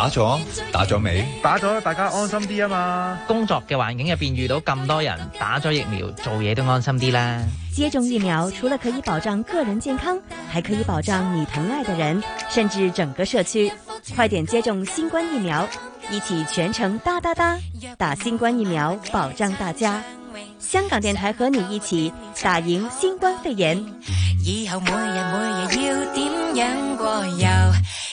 打咗，打咗未？打咗，大家安心啲啊嘛！工作嘅環境入邊遇到咁多人打咗疫苗，做嘢都安心啲啦。接種疫苗除了可以保障個人健康，還可以保障你疼愛的人，甚至整個社區。快點接種新冠疫苗，一起全程噠噠噠打新冠疫苗，保障大家。香港電台和你一起打贏新冠肺炎。以後每日每日要點樣過遊？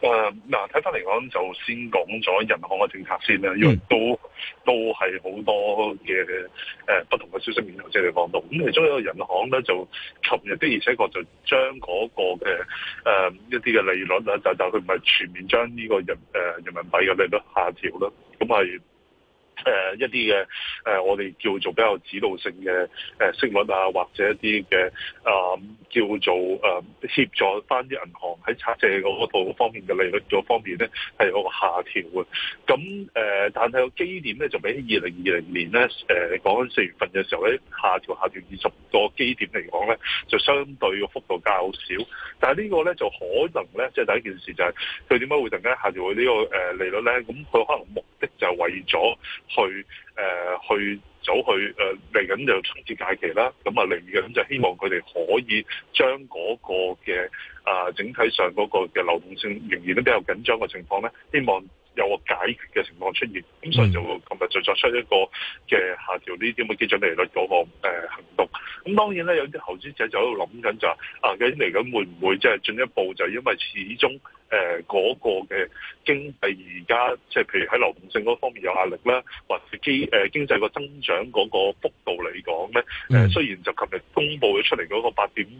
誒、嗱睇翻嚟講，就先講咗人行嘅政策先啦，因為都都係好多嘅誒、呃、不同嘅消息面頭先你講到，咁其中一個銀行咧就琴日的而且確就將嗰個嘅誒、呃、一啲嘅利率啦，就就佢唔係全面將呢個人誒、呃、人民幣嘅利率下調啦，咁係。誒、呃、一啲嘅誒，我哋叫做比較指導性嘅誒息率啊，或者一啲嘅啊叫做誒、呃、協助翻啲銀行喺拆借嗰套方面嘅利率嗰方面咧係有個下調嘅。咁誒、呃，但係個基點咧就比起二零二零年咧誒、呃、講緊四月份嘅時候咧下調下調二十個基點嚟講咧，就相對嘅幅度較少。但係呢個咧就可能咧，即、就、係、是、第一件事就係佢點解會突然間下調呢、這個、呃、利率咧？咁佢可能目的就係為咗。去誒、呃、去走去誒嚟緊就春節假期啦，咁啊嚟緊就希望佢哋可以將嗰個嘅啊、呃、整體上嗰個嘅流動性仍然都比較緊張嘅情況咧，希望有個解決嘅情況出現，咁、嗯、所以就今日就作出一個嘅下調呢啲咁嘅基準利率嗰個行動。咁當然咧，有啲投資者就喺度諗緊就是、啊，究竟嚟緊會唔會即係進一步就因為始終。誒、呃、嗰、那個嘅經濟而家即係譬如喺流動性嗰方面有壓力啦，或者經誒經濟個增長嗰個幅度嚟講咧，誒、呃、雖然就琴日公布咗出嚟嗰個八點誒誒、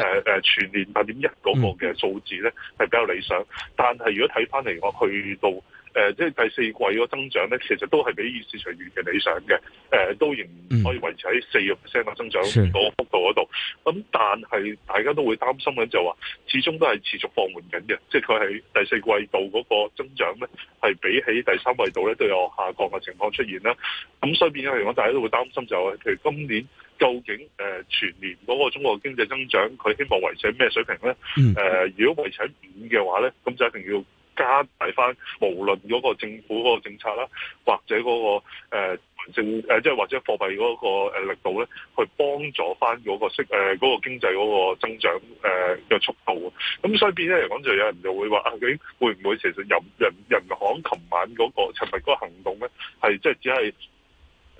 呃呃、全年八點一嗰個嘅數字咧係比較理想，但係如果睇翻嚟，我去到。誒、呃，即係第四季個增長咧，其實都係比市場預期理想嘅。誒、呃，都仍然可以維持喺四個 percent 嘅增長嗰、mm. 幅度嗰度。咁、嗯、但係大家都會擔心緊就話，始終都係持續放緩緊嘅。即係佢係第四季度嗰個增長咧，係比起第三季度咧都有下降嘅情況出現啦。咁所以變咗嚟講，大家都會擔心就係、就是，譬如今年究竟誒、呃、全年嗰個中國的經濟增長，佢希望維持喺咩水平咧？誒、mm. 呃，如果維持喺五嘅話咧，咁就一定要。加大翻，無論嗰個政府嗰個政策啦，或者嗰、嗰個政誒，即、呃、係或者貨幣嗰個力度咧，去幫助翻嗰個息嗰、呃嗰個經濟嗰個增長誒嘅、呃嗰個、速度啊。咁所以變咗嚟講，就有人就會話究竟會唔會其實人人人行琴晚嗰、嗰個尋日嗰個行動咧，係即係只係，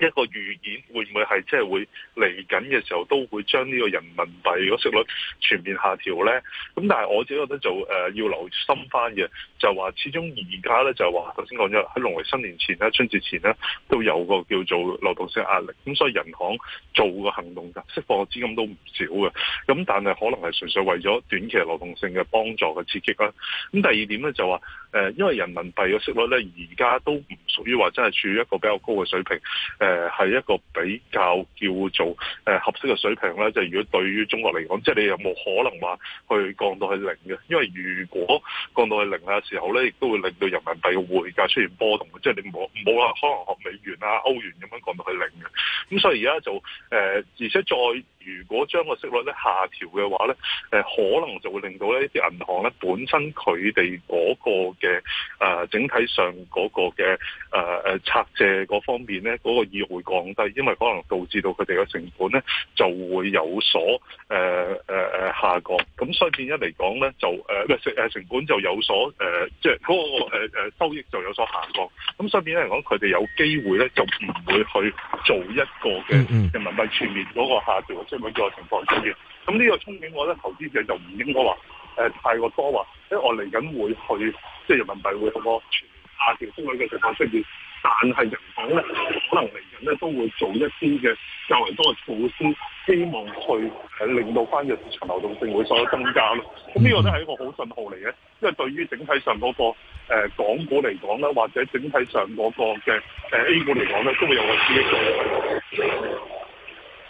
一個預演會唔會係即係會嚟緊嘅時候都會將呢個人民幣個息率全面下調咧？咁但係我自己覺得就誒要留心返嘅，就話始終而家咧就話頭先講咗喺農曆新年前咧、春節前咧都有個叫做流動性壓力，咁所以人行做個行動釋放資金都唔少嘅。咁但係可能係純粹為咗短期流動性嘅幫助嘅刺激啦。咁第二點咧就話誒，因為人民幣個息率咧而家都唔屬於話真係處於一個比較高嘅水平。誒、呃、係一個比較叫做誒、呃、合適嘅水平啦，就是、如果對於中國嚟講，即、就、係、是、你有冇可能話去降到去零嘅？因為如果降到去零嘅時候咧，亦都會令到人民幣嘅匯價出現波動嘅，即、就、係、是、你冇冇話可能學美元啊歐元咁樣降到去零嘅。咁所以而家就誒、呃，而且再。如果將個息率咧下調嘅話咧，可能就會令到咧啲銀行咧本身佢哋嗰個嘅整體上嗰個嘅誒誒拆借嗰方面咧嗰個意會降低，因為可能導致到佢哋嘅成本咧就會有所誒誒下降。咁相反一嚟講咧就誒成本就有所誒即係嗰個誒收益就有所下降。咁相反一嚟講，佢哋有機會咧就唔會去做一個嘅人民幣全面嗰個下調。咁呢、嗯這個憧憬我，我覺得投資者就唔應該話誒、呃、太過多話，因為我嚟緊會去，即係人民幣會有個全下調風險嘅情況出現。但係人行呢，可能嚟緊咧都會做一啲嘅較為多嘅措施，希望去、呃、令到返嘅市場流動性會有所增加咯。咁呢個都係一個好信號嚟嘅，因為對於整體上嗰、那個、呃、港股嚟講咧，或者整體上嗰個嘅、呃、A 股嚟講呢，都會有個刺激作用。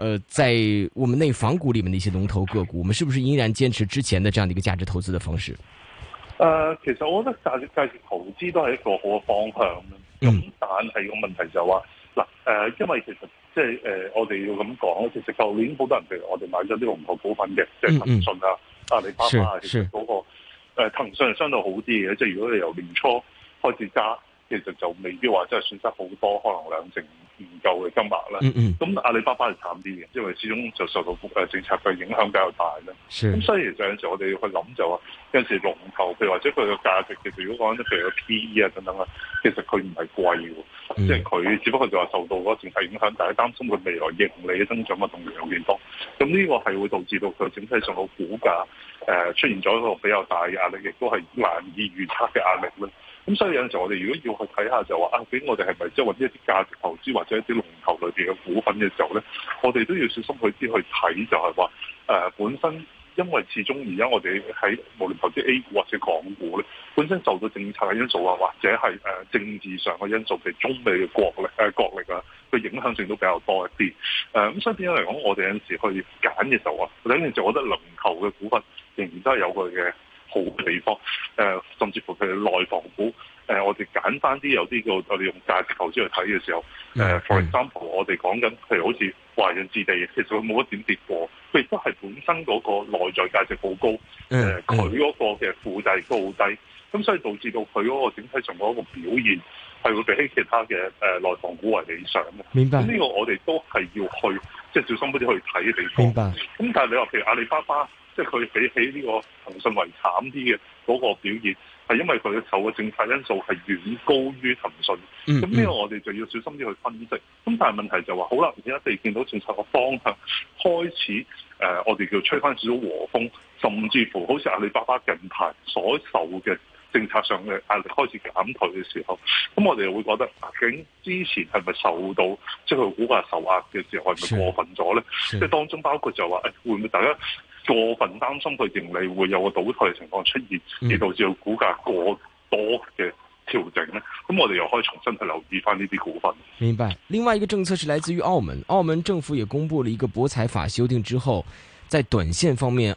呃，在我們內房股裏面的一些龍頭個股，我們是不是依然堅持之前的這樣的一個價值投資的方式？呃，其實我覺得價值投資都係一個好嘅方向咁、嗯、但係個問題就係話、是、嗱，誒、呃，因為其實即係誒，我哋要咁講，其實舊年好多人，譬如我哋買咗啲龍頭股份嘅，即係騰訊啊、阿里巴巴啊看看，其實嗰、那個誒、呃、騰訊係相對好啲嘅，即係如果你由年初開始揸，其實就未必話真係損失好多，可能兩成。唔夠嘅金額啦，咁阿里巴巴係慘啲嘅，因為始終就受到誒政策嘅影響比較大啦。咁所以就有時我哋去諗就話，有時龍頭譬如或者佢嘅價值，其實如果講譬如個 P E 啊等等啊，其實佢唔係貴喎，即係佢只不過就話受到嗰個政策影響，但係擔心佢未來盈利嘅增長嘅度會有會多，咁呢個係會導致到佢整體上個股價出現咗一個比較大壓力，亦都係難以預測嘅壓力啦。咁所以有陣時我哋如果要去睇下就話啊，俾我哋係咪即係搵一啲價值投資或者一啲龍頭裏面嘅股份嘅時候咧，我哋都要小心去知去睇，就係話誒本身因為始終而家我哋喺無論投資 A 股或者港股咧，本身受到政策嘅因素啊、呃，或者係政治上嘅因素，譬如中美嘅國力、呃、國力啊佢影響性都比較多一啲。誒咁所以點樣嚟講，我哋有陣時去揀嘅時候啊，有陣就覺得龍頭嘅股份仍然都係有佢嘅好嘅地方，誒、嗯、甚至乎佢內房股，誒、呃、我哋簡單啲有啲叫我哋用價值投資去睇嘅時候，誒、呃嗯、for example、嗯、我哋講緊，譬如好似華潤置地，其實佢冇乜點跌過，佢亦都係本身嗰個內在價值好高，高，誒佢嗰個嘅負債亦都好低，咁、嗯、所以導致到佢嗰個整體上嗰個表現係會比起其他嘅誒、呃、內房股為理想嘅。明白。咁呢個我哋都係要去，即係小心啲去睇嘅地方。明白。咁但係你話譬如阿里巴巴。即係佢比起呢個騰訊為慘啲嘅嗰個表現，係因為佢受嘅政策因素係遠高於騰訊。咁呢個我哋就要小心啲去分析。咁但係問題就話、是，好啦，而家你見到政策嘅方向開始誒、呃，我哋叫吹翻少少和風，甚至乎好似阿里巴巴近排所受嘅政策上嘅壓力開始減退嘅時候，咁我哋會覺得究竟之前係咪受到即係佢股價受壓嘅時候係咪過分咗咧？即係當中包括就話誒、哎，會唔會大家？過分擔心佢盈利會有個倒退嘅情況出現，而導致到股價過多嘅調整咧，咁我哋又可以重新去留意返呢啲股份。明白。另外一個政策是來自於澳門，澳門政府也公布了一個博彩法修訂之後，在短線方面，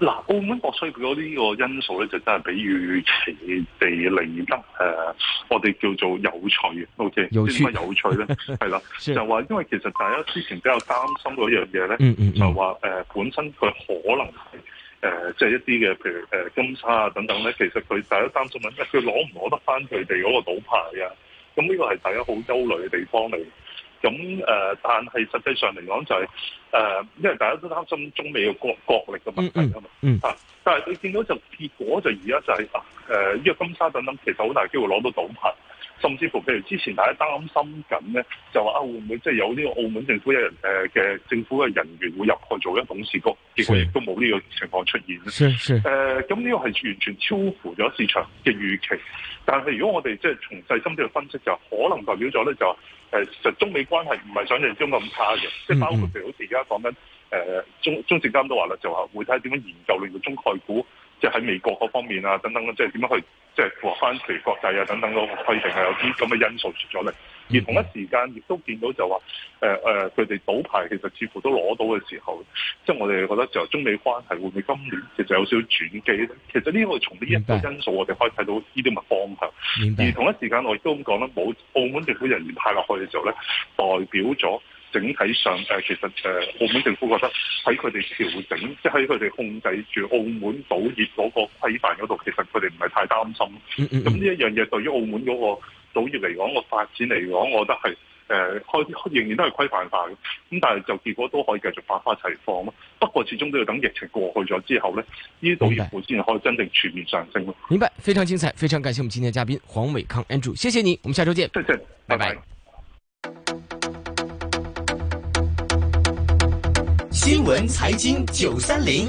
嗱，澳門博出咗呢個因素咧，就真係比預其地嚟得誒、呃，我哋叫做有趣。O K，有啲乜有趣咧？係 啦，就話因為其實大家之前比較擔心嗰樣嘢咧，就話誒、呃、本身佢可能係誒即係一啲嘅譬如誒、呃、金沙啊等等咧，其實佢大家擔心問，佢攞唔攞得翻佢哋嗰個賭牌啊？咁呢個係大家好憂慮嘅地方嚟。咁誒、呃，但係實際上嚟講就係、是、誒、呃，因為大家都擔心中美嘅國國力嘅問題、嗯嗯、啊嘛，但係你見到就結果就而家就係、是、呢、呃這個金沙等等，其實好大機會攞到賭牌，甚至乎譬如之前大家擔心緊咧，就話啊會唔會即係有呢個澳門政府一人嘅政府嘅人員會入去做一董事局，結果亦都冇呢個情況出現咁呢、呃、個係完全超乎咗市場嘅預期，但係如果我哋即係從細心啲去分析，就可能代表咗咧就是。其實中美關係唔係想象中咁差嘅，即係包括譬如好似而家講緊誒，中中證監都話啦，就話會睇下點樣研究令到中概股，即係喺美國嗰方面啊，等等，即係點樣去，即係符合翻其國際啊等等嗰個規定，係有啲咁嘅因素出咗嚟。而同一時間，亦都見到就話，誒、呃、誒，佢哋賭牌其實似乎都攞到嘅時候，即係我哋覺得就中美關係會唔會今年其實有少少轉機咧？其實呢個從呢一個因素，我哋可以睇到呢啲咪方向。而同一時間我，我亦都咁講啦，冇澳門政府人員派落去嘅時候咧，代表咗整體上、呃、其實、呃、澳門政府覺得喺佢哋調整，即係喺佢哋控制住澳門賭業嗰個規範嗰度，其實佢哋唔係太擔心。咁呢一樣嘢對於澳門嗰、那個。賭業嚟講個發展嚟講，我覺得係誒開仍然都係規範化嘅，咁但係就結果都可以繼續百花齊放咯。不過始終都要等疫情過去咗之後咧，呢啲賭業股先可以真正全面上升咯。明白，非常精彩，非常感謝我們今天嘅嘉賓黃偉康 Andrew，謝謝你，我們下周見，再見，拜拜。新聞財經九三零。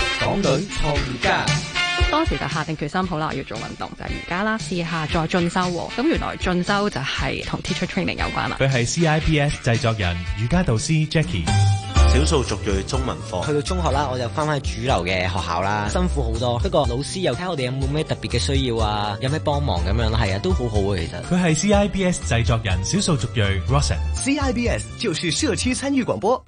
港隊創家當時就下定決心，好啦，我要做運動就係瑜伽啦，試下再進修。咁原來進修就係同 teacher training 有關啦。佢係 CIBS 製作人瑜伽導師 Jackie，少數族裔中文課。去到中學啦，我就翻翻主流嘅學校啦，辛苦好多。不過老師又睇我哋有冇咩特別嘅需要啊，有咩幫忙咁樣啦，係啊，都好好嘅其實。佢係 CIBS 製作人少數族裔 Rossel，CIBS 就是社區參與廣播。CIBS,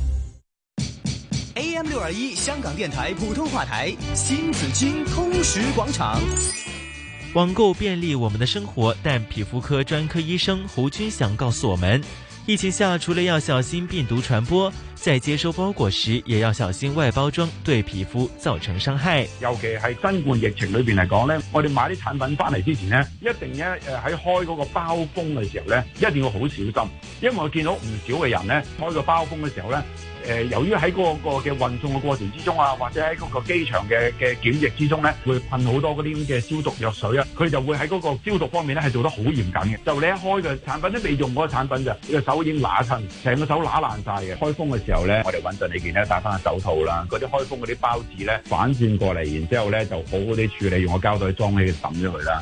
AM 六二一香港電台普通話台，新紫荊通識廣場。網購便利我們的生活，但皮膚科專科醫生胡君祥告訴我們，疫情下除了要小心病毒傳播，在接收包裹時也要小心外包裝對皮膚造成傷害。尤其係新冠疫情裏面來講呢我哋買啲產品翻嚟之前咧，一定咧誒喺開嗰個包封嘅時候咧，一定要好小心，因為我見到唔少嘅人咧開個包封嘅時候呢誒、呃，由於喺嗰個嘅運送嘅過程之中啊，或者喺嗰個機場嘅嘅檢疫之中咧，會噴好多嗰啲咁嘅消毒藥水啊，佢就會喺嗰個消毒方面咧係做得好嚴謹嘅。就你一開嘅產品都未用嗰個產品咋，個手已經揦親，成個手揦爛晒嘅。開封嘅時候咧，我哋穩陣啲，件咧戴翻個手套啦。嗰啲開封嗰啲包紙咧反轉過嚟，然之後咧就好好啲處理，用個膠袋裝起佢，抌咗佢啦。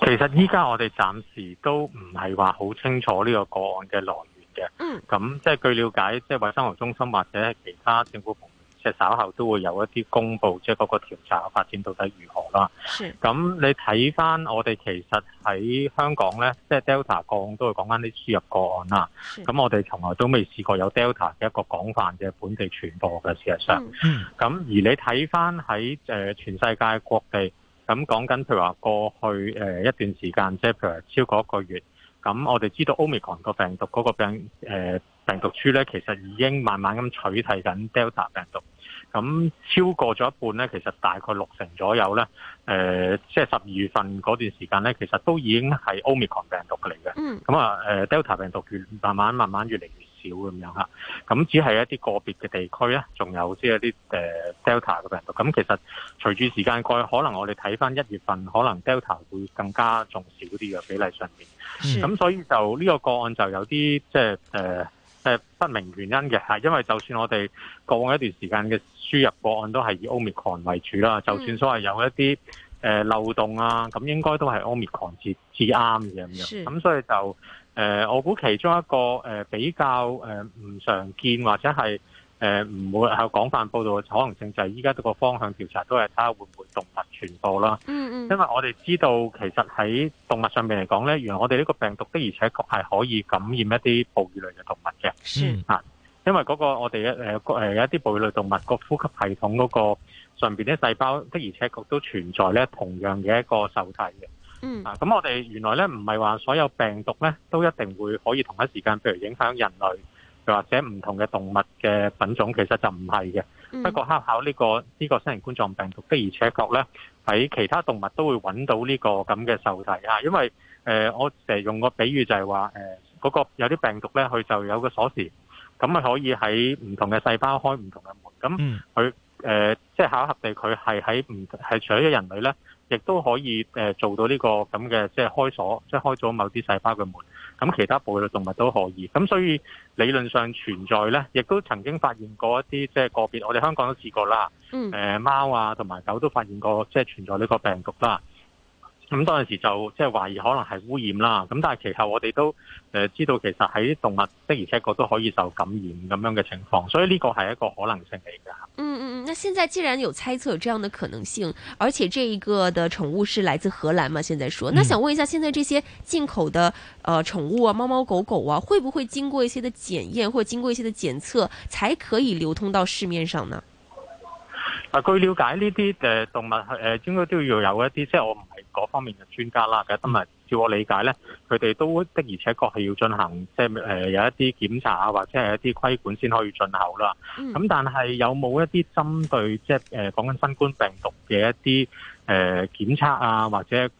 其實依家我哋暫時都唔係話好清楚呢個個案嘅來源嘅。嗯。咁即係據了解，即係衛生服務中心或者其他政府部門，即係稍後都會有一啲公佈，即係嗰個調查發展到底如何啦。咁你睇翻我哋其實喺香港呢，即、就、係、是、Delta 個案都係講緊啲輸入個案啦。咁我哋從來都未試過有 Delta 嘅一個廣泛嘅本地傳播嘅事實上。咁、嗯嗯、而你睇翻喺誒全世界各地。咁講緊，譬如話過去誒、呃、一段時間，即係譬如超過一個月，咁我哋知道 Omicron 個病毒嗰個病誒病毒株咧，其實已經慢慢咁取替緊 Delta 病毒。咁超過咗一半咧，其實大概六成左右咧，誒即係十二月份嗰段時間咧，其實都已經係 Omicron 病毒嚟嘅。嗯，咁啊、呃、Delta 病毒越慢慢慢慢越嚟越。少咁樣吓，咁只係一啲個別嘅地區咧，仲有即係一啲 Delta 嘅病毒。咁其實隨住時間過去，可能我哋睇翻一月份，可能 Delta 會更加仲少啲嘅比例上面。咁所以就呢個個案就有啲即係誒不明原因嘅，因為就算我哋過往一段時間嘅輸入個案都係以 Omicron 為主啦。就算所謂有一啲漏洞啊，咁應該都係 Omicron 至至啱嘅咁樣。咁所以就。誒，我估其中一個誒比較誒唔常見或者係誒唔會有廣泛報導嘅可能性，就係依家個方向調查都係睇下會唔會動物傳播啦。嗯嗯。因為我哋知道其實喺動物上面嚟講呢，原來我哋呢個病毒的而且確係可以感染一啲哺乳類嘅動物嘅。嗯。嚇！因為嗰個我哋一誒誒有一啲哺乳類動物個呼吸系統嗰個上面啲細胞的而且確都存在呢同樣嘅一個受體嘅。嗯咁，啊、我哋原來咧唔係話所有病毒咧都一定會可以同一時間，譬如影響人類，又或者唔同嘅動物嘅品種，其實就唔係嘅。不過恰巧呢個呢，呢個新型冠狀病毒的而且確咧喺其他動物都會揾到呢個咁嘅受體啊，因為誒、呃、我成日用個比喻就係話誒嗰個有啲病毒咧，佢就有個鎖匙，咁咪可以喺唔同嘅細胞開唔同嘅門，咁佢誒、呃，即係巧合地，佢係喺唔係除咗人類咧，亦都可以誒做到呢個咁嘅，即係開鎖，即係開咗某啲細胞嘅門。咁其他哺乳動物都可以。咁所以理論上存在咧，亦都曾經發現過一啲即係個別，我哋香港都試過啦。嗯，誒、呃、貓啊，同埋狗都發現過，即係存在呢個病毒啦。咁嗰陣時就即係懷疑可能係污染啦，咁但係其後我哋都誒知道其實喺動物的而且確都可以受感染咁樣嘅情況，所以呢個係一個可能性嚟㗎。嗯嗯，嗯，那現在既然有猜測有這樣的可能性，而且這一個的寵物是來自荷蘭嘛？現在說，那想問一下，現在這些進口的誒寵物啊，貓貓狗狗啊，會不會經過一些的檢驗或者經過一些的檢測，才可以流通到市面上呢？啊，據了解呢啲誒動物係誒應該都要有一啲，即係我唔係嗰方面嘅專家啦嘅。咁啊，照我理解咧，佢哋都的而且確係要進行即係誒有一啲檢查啊，或者係一啲規管先可以進口啦。咁、嗯、但係有冇一啲針對即係誒講緊新冠病毒嘅一啲誒檢測啊，或者誒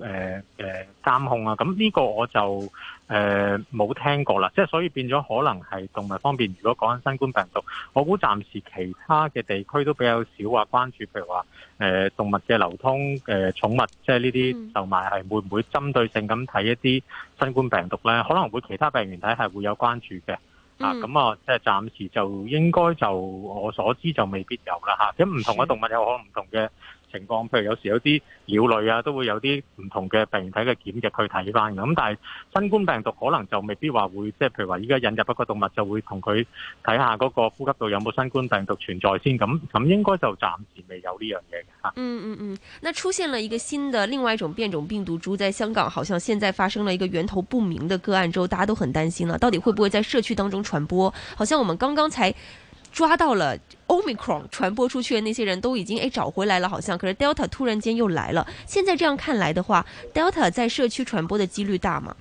誒監控啊？咁呢個我就。誒、呃、冇聽過啦，即係所以變咗可能係動物方面，如果講緊新冠病毒，我估暫時其他嘅地區都比較少話關注，譬如話誒動物嘅流通，誒、呃、寵物，即係呢啲，同埋係會唔會針對性咁睇一啲新冠病毒咧？可能會其他病原體係會有關注嘅，咁啊，即、嗯、係、啊、暫時就應該就我所知就未必有啦嚇，咁、啊、唔同嘅動物有可能唔同嘅。情況，譬如有時有啲鳥類啊，都會有啲唔同嘅病體嘅檢疫去睇翻咁，但係新冠病毒可能就未必話會，即係譬如話依家引入一個動物就會同佢睇下嗰個呼吸道有冇新冠病毒存在先咁，咁應該就暫時未有呢樣嘢嘅嚇。嗯嗯嗯，那出現了一個新的另外一種變種病毒株，在香港好像現在發生了一個源頭不明的個案之後，大家都很擔心了，到底會不會在社區當中傳播？好像我們剛剛才。抓到了 Omicron 傳播出去的那些人都已經誒找回來了，好像，可是 Delta 突然間又來了。現在這樣看來的話，Delta 在社區傳播的幾率大嗎？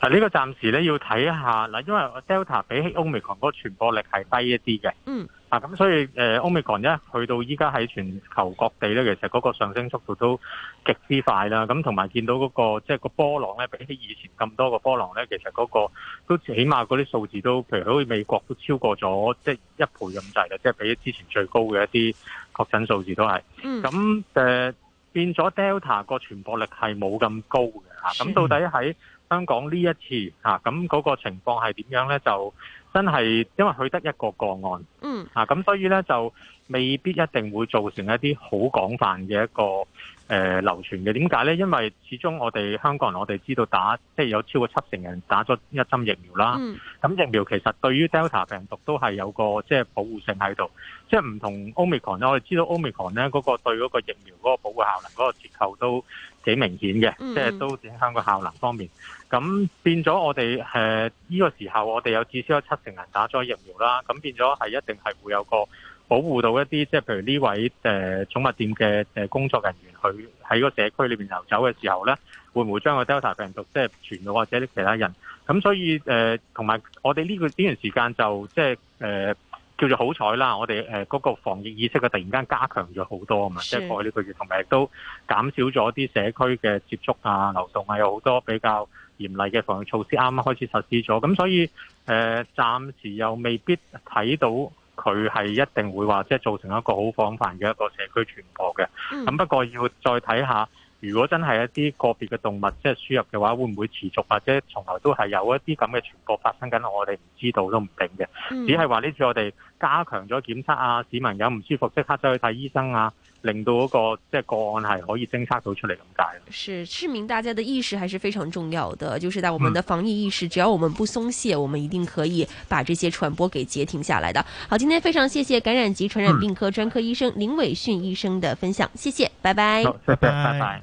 嗱，呢個暫時咧要睇一下嗱，因為 Delta 比起 Omicron 個傳播力係低一啲嘅。嗯。啊，咁所以誒 Omicron 一去到依家喺全球各地咧，其實嗰個上升速度都極之快啦。咁同埋見到嗰、那個即係、就是、個波浪咧，比起以前咁多個波浪咧，其實嗰、那個都起碼嗰啲數字都，譬如好似美國都超過咗即係一倍咁滯啦，即、就、係、是、比之前最高嘅一啲確診數字都係。嗯。咁誒變咗 Delta 個傳播力係冇咁高嘅咁、啊、到底喺香港呢一次咁嗰、啊、個情況係點樣咧？就真係因為佢得一個個案，嗯，咁，所以呢，就未必一定會造成一啲好廣泛嘅一個流傳嘅。點解呢？因為始終我哋香港人，我哋知道打即係、就是、有超過七成人打咗一針疫苗啦。咁、嗯、疫苗其實對於 Delta 病毒都係有個即係保護性喺度，即係唔同 Omicron。我哋知道 Omicron 呢，嗰個對嗰個疫苗嗰個保護效能嗰個折扣都幾明顯嘅，即係都影響個效能方面。咁變咗我哋誒呢個時候，我哋有至少有七成人打咗疫苗啦。咁變咗係一定係會有個保護到一啲，即係譬如呢位誒寵物店嘅誒工作人員，佢喺個社區裏邊遊走嘅時候咧，會唔會將個 Delta 病毒即係傳到或者啲其他人？咁所以誒同埋我哋呢個呢段時間就即係誒。呃叫做好彩啦！我哋誒嗰個防疫意識，啊，突然間加強咗好多啊嘛，即係、就是、過去呢個月，同埋亦都減少咗啲社區嘅接觸啊、流動啊，有好多比較嚴厲嘅防疫措施啱啱開始實施咗。咁所以誒暫、呃、時又未必睇到佢係一定會話，即、就、係、是、造成一個好廣泛嘅一個社區傳播嘅。咁不過要再睇下。如果真係一啲個別嘅動物即係輸入嘅話，會唔會持續或者從來都係有一啲咁嘅傳播發生緊？我哋唔知道都唔定嘅、嗯，只係話呢次我哋加強咗檢測啊，市民有唔舒服即刻走去睇醫生啊，令到嗰、那個即係個案係可以偵測到出嚟咁解。是市民大家的意識還是非常重要的，就是在我們的防疫意識、嗯，只要我們不鬆懈，我們一定可以把這些傳播給截停下來的。好，今天非常謝謝感染及傳染病科專科醫生林緯遜醫生的分享，嗯、謝謝，拜拜，拜、no, 拜。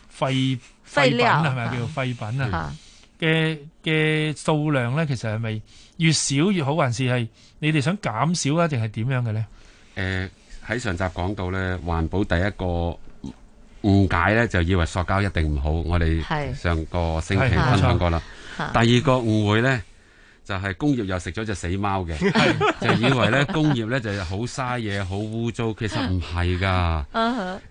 廢廢品啊，係咪叫做廢品啊？嘅嘅數量咧，其實係咪越少越好，還是係你哋想減少啊，定係點樣嘅咧？誒，喺上集講到咧，環保第一個誤解咧，就以為塑膠一定唔好。我哋上個星期分享過啦。第二個誤會咧，就係工業又食咗隻死貓嘅，就以為咧工業咧就好嘥嘢、好污糟，其實唔係㗎。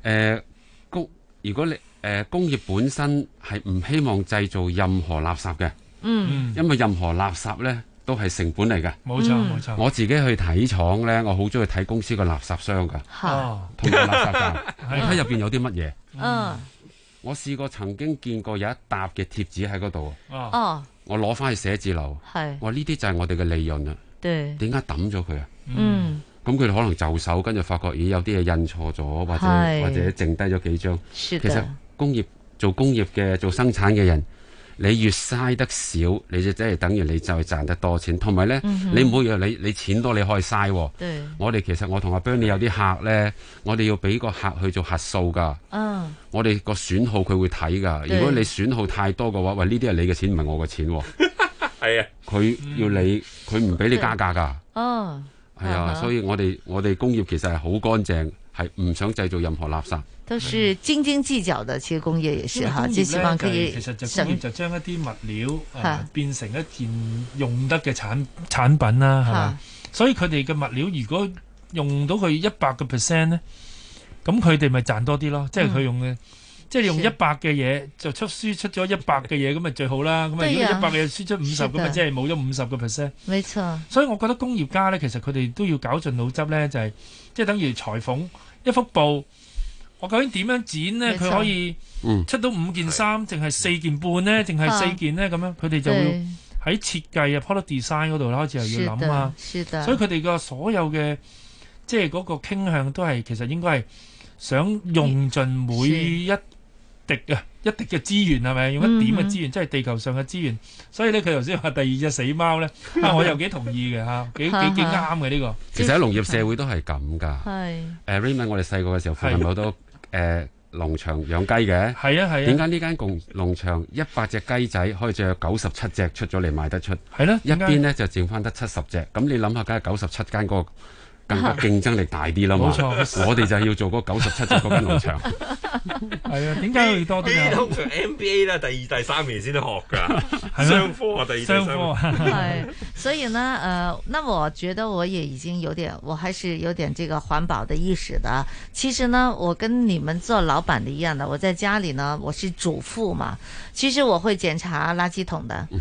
誒，谷，如果你誒、呃，工業本身係唔希望製造任何垃圾嘅，嗯，因為任何垃圾咧都係成本嚟嘅，冇錯冇錯。我自己去睇廠咧，我好中意睇公司的垃的個垃圾箱噶，同埋垃圾袋，你睇入邊有啲乜嘢。嗯，我試過曾經見過有一沓嘅貼紙喺嗰度。哦、啊，我攞翻去寫字樓，係，這些就是我呢啲就係我哋嘅利潤啊，對，點解抌咗佢啊？嗯，咁、嗯、佢可能就手，跟住發覺咦有啲嘢印錯咗，或者或者剩低咗幾張，其實。工業做工業嘅做生產嘅人，你越嘥得少，你就即係等於你就係賺得多錢。同埋咧，你唔好以為你你錢多你可以嘥、哦。我哋其實我同阿 Ben，你有啲客咧，我哋要俾個客去做核數噶、哦。我哋個損耗佢會睇噶。如果你損耗太多嘅話，喂，呢啲係你嘅錢，唔係我嘅錢、哦。係 啊，佢要你，佢唔俾你加價噶。係、哦、啊，啊，所以我哋我哋工業其實係好乾淨，係唔想製造任何垃圾。都是斤斤計較的，其實工業也是哈，最、就是、希望可以其實就就將一啲物料、呃、變成一件用得嘅產、啊、產品啦，係、啊、所以佢哋嘅物料如果用到佢一百個 percent 咧，咁佢哋咪賺多啲咯。即係佢用嘅，即係用一百嘅嘢就出輸出咗一百嘅嘢，咁咪最好啦。咁啊，如果一百嘅嘢輸出五十咁啊，即係冇咗五十個 percent。沒錯。所以我覺得工業家咧，其實佢哋都要搞盡腦汁咧，就係、是、即係等於裁縫一幅布。我究竟點樣剪呢？佢可以出到五件衫，定、嗯、係四件半呢？定、嗯、係四件呢？咁樣佢哋就會喺設計啊、product design 嗰度咧開始又要諗啊，所以佢哋嘅所有嘅即係嗰個傾向都係其實應該係想用盡每一滴啊，一滴嘅資源係咪？用一點嘅資源，嗯、即係地球上嘅資源。所以咧，佢頭先話第二隻死貓咧， 我又幾同意嘅嚇，幾幾幾啱嘅呢個。其實喺農業社會都係咁㗎。係誒、uh, Raymond，我哋細個嘅時候，附近好多。誒、呃，農場養雞嘅，係啊係啊，點解呢間共農場一百隻雞仔，可以只有九十七隻出咗嚟賣得出？係咯、啊，一邊呢就剩翻得七十隻。咁你諗下，梗係九十七間嗰個。更加競爭力大啲啦嘛， 冇錯，我哋就要做嗰九十七隻嗰間農場 啊，點解要多啲啊？呢通常 NBA 咧，第二、第三年先得學噶、 啊，雙科啊，第二雙科 所以呢，呃，那我覺得我也已經有點，我還是有點這個環保的意識的。其實呢，我跟你們做老闆的一樣的，我在家裏呢，我是主婦嘛，其實我會檢查垃圾桶的。嗯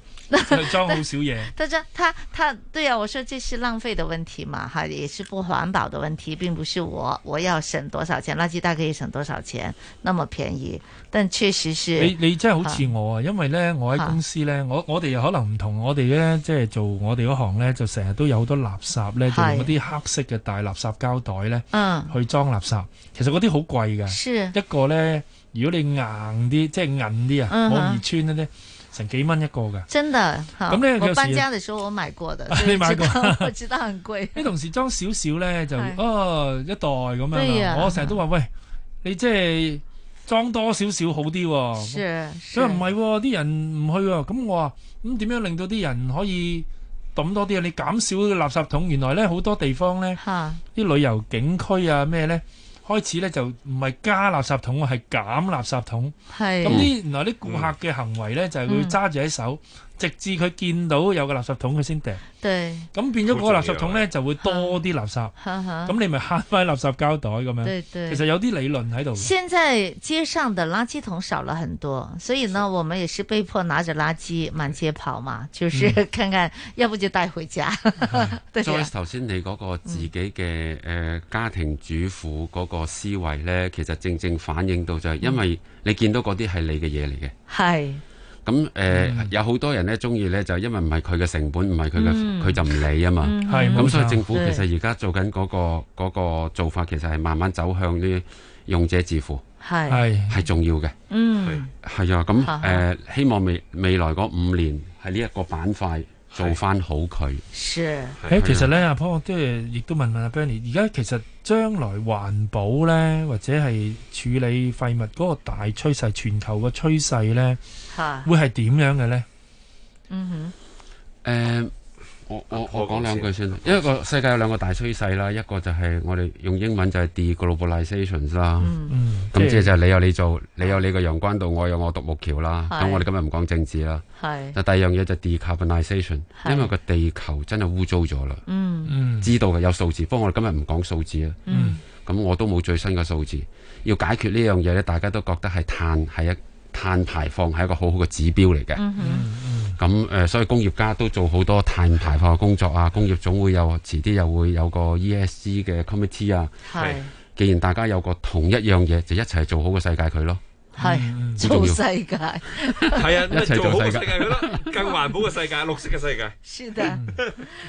裝好少嘢，但 係他他，他對啊，我說這是浪費的問題嘛，哈，也是不環保的問題，並不是我我要省多少錢，垃圾袋可以省多少錢，那麼便宜，但確實是你你真係好似我啊，因為呢，我喺公司呢，啊、我我哋可能唔同我哋呢，即係做我哋嗰行呢，就成日都有好多垃圾呢就用嗰啲黑色嘅大垃圾膠袋呢、嗯、去裝垃圾，其實嗰啲好貴㗎，一個呢，如果你硬啲，即係硬啲啊，我、嗯、唔穿呢幾蚊一個嘅，真的咁呢樣嘅事。我搬家嘅時候我買過的，你買過？我知道很貴，你同時裝少少呢，就哦一袋咁樣。我成日都話喂，你即係裝多少少好啲。所以唔係啲人唔去咁，我話咁點樣令到啲人可以抌多啲啊？你減少垃圾桶，原來呢好多地方呢啲旅遊景區啊咩呢。開始咧就唔係加垃圾桶，係減垃圾桶。咁啲原來啲顧客嘅行為咧，就係佢揸住喺手。直至佢見到有個垃圾桶，佢先掟。對，咁變咗個垃圾桶呢，的就會多啲垃圾。咁、嗯嗯嗯、你咪慳翻垃圾膠袋咁樣。對對。其實有啲理論喺度。現在街上的垃圾桶少了很多，所以呢，我們也是被迫拿着垃圾滿街跑嘛，就是、嗯、看看，要不就帶回家。再頭先你嗰個自己嘅誒、嗯呃、家庭主婦嗰個思維呢，其實正正反映到就係、是嗯、因為你見到嗰啲係你嘅嘢嚟嘅。係。咁誒有好多人咧鍾意咧，就、嗯嗯、因為唔係佢嘅成本，唔係佢嘅，佢、嗯、就唔理啊嘛。係、嗯，咁、嗯、所以政府其實而家做緊、那、嗰、個嗯那個做法，其實係慢慢走向啲用者自付。係係重要嘅。嗯，係、嗯嗯嗯嗯、啊。咁、嗯、誒，嗯嗯、呵呵希望未未來嗰五年喺呢一個板塊。做翻好佢。係。誒，其實咧，阿 Po 我即係亦都問問阿 Bernie，而家其實將來環保咧，或者係處理廢物嗰個大趨勢，全球嘅趨勢咧，嚇，會係點樣嘅咧？嗯哼。誒、呃。我我我講兩句先，一個世界有兩個大趨勢啦，一個就係我哋用英文就係 deglobalization 啦、嗯，咁即係就係你有你做，嗯、你有你嘅陽關道，我有我獨木橋啦。咁我哋今日唔講政治啦，第二樣嘢就係 decarbonization 因為個地球真係污糟咗啦，知道嘅有數字，不過我哋今日唔講數字啦。咁、嗯、我都冇最新嘅數字，要解決呢樣嘢咧，大家都覺得係碳係一碳排放係一個好好嘅指標嚟嘅。嗯咁誒、呃，所以工業家都做好多碳排放嘅工作啊！工業總會有遲啲又會有個 ESG 嘅 committee 啊。係，既然大家有個同一樣嘢，就一齊做好個世界佢咯。係、嗯，做世界係 啊，一齊做好世界佢咯，更環保嘅世界， 綠色嘅世界。是的。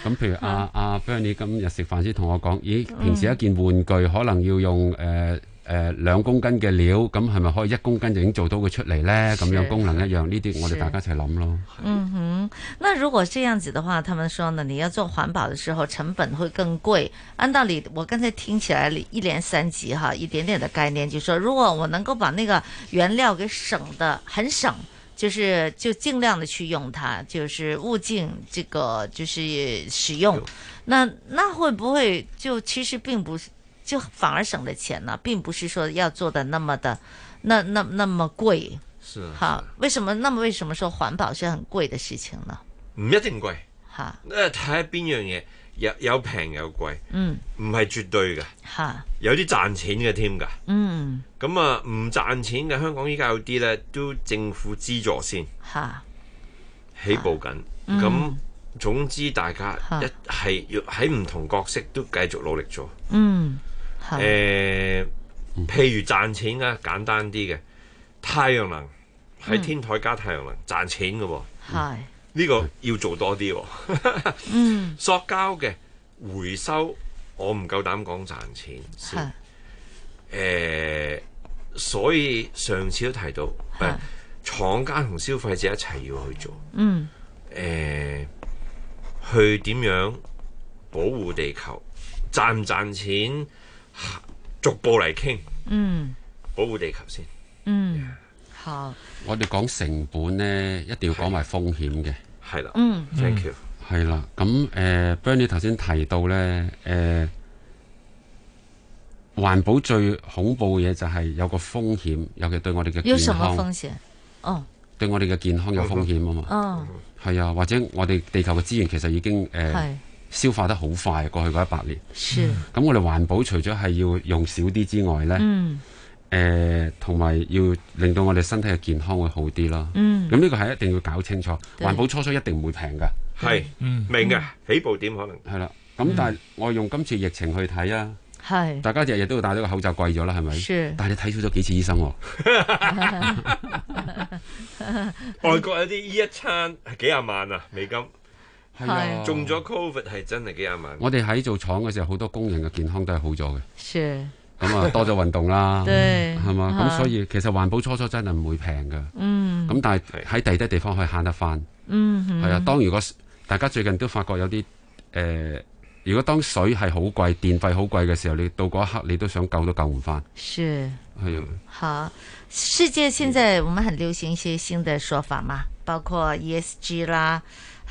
咁 譬如阿阿 Bernie 今日食飯先同我講，咦，平時一件玩具可能要用誒，嗯呃誒、呃，兩公斤嘅料，咁係咪可以一公斤就已經做到佢出嚟呢？咁樣功能一樣，呢啲我哋大家一齊諗咯。嗯哼，那如果這樣子的話，他們說呢，你要做環保的時候，成本會更貴。按道理，我剛才聽起來一連三集哈，一點點的概念就，就說如果我能夠把那個原料給省得很省，就是就盡量的去用它，就是物盡這個就是使用。那那會不會就其實並不是？就反而省咗錢啦，並不是說要做得那麼的，那那那,那麼貴。是、啊。好，為什麼那麼？為什麼說環保是很貴的事情呢？唔一定貴。吓，誒，睇下邊樣嘢有有平有貴。嗯。唔係絕對嘅。吓。有啲賺錢嘅添噶。嗯。咁啊，唔賺錢嘅香港依家有啲咧，都政府資助先。吓。起步緊。咁、嗯、總之，大家一係要喺唔同角色都繼續努力做。嗯。誒、呃，譬如賺錢啊，簡單啲嘅太陽能喺天台加太陽能賺、嗯、錢㗎、啊，喎係呢個要做多啲、啊。嗯，塑膠嘅回收我唔夠膽講賺錢先。誒、呃，所以上次都提到，唔係廠、呃、家同消費者一齊要去做。嗯，誒、呃，去點樣保護地球？賺唔賺錢？啊、逐步嚟傾，嗯，保護地球先，嗯，yeah. 好。我哋講成本呢，一定要講埋風險嘅，係啦，嗯，thank you，係啦。咁誒、呃、Bernie 頭先提到呢，誒、呃，環保最恐怖嘅嘢就係有個風險，尤其對我哋嘅健康有什麼風險？哦，對我哋嘅健康有風險啊嘛，嗯，係、嗯、啊，或者我哋地球嘅資源其實已經誒。呃消化得好快，過去嗰一百年。咁我哋環保除咗係要用少啲之外呢，同埋要令到我哋身體嘅健康會好啲咯。咁、嗯、呢個係一定要搞清楚。環保初初一定唔會平噶，係、嗯、明嘅、嗯、起步點可能係啦。咁但係我用今次疫情去睇啊，大家日日都要戴咗個口罩貴咗啦，係咪？但係你睇少咗幾次醫生、啊， 外國有啲醫一餐幾廿萬啊美金。係、啊、中咗 Covid 係真係幾廿萬、啊。我哋喺做廠嘅時候，好多工人嘅健康都係好咗嘅。是咁 啊，多咗運動啦，係嘛，咁，所以其實環保初初真係唔會平噶。嗯、咁、嗯、但係喺第二啲地方可以慳得翻。嗯，係啊。當如果大家最近都發覺有啲誒、呃，如果當水係好貴，電費好貴嘅時候，你到嗰一刻你都想救都救唔翻。是係啊吓，世界現在我們很流行一些新嘅說法嘛，包括 ESG 啦。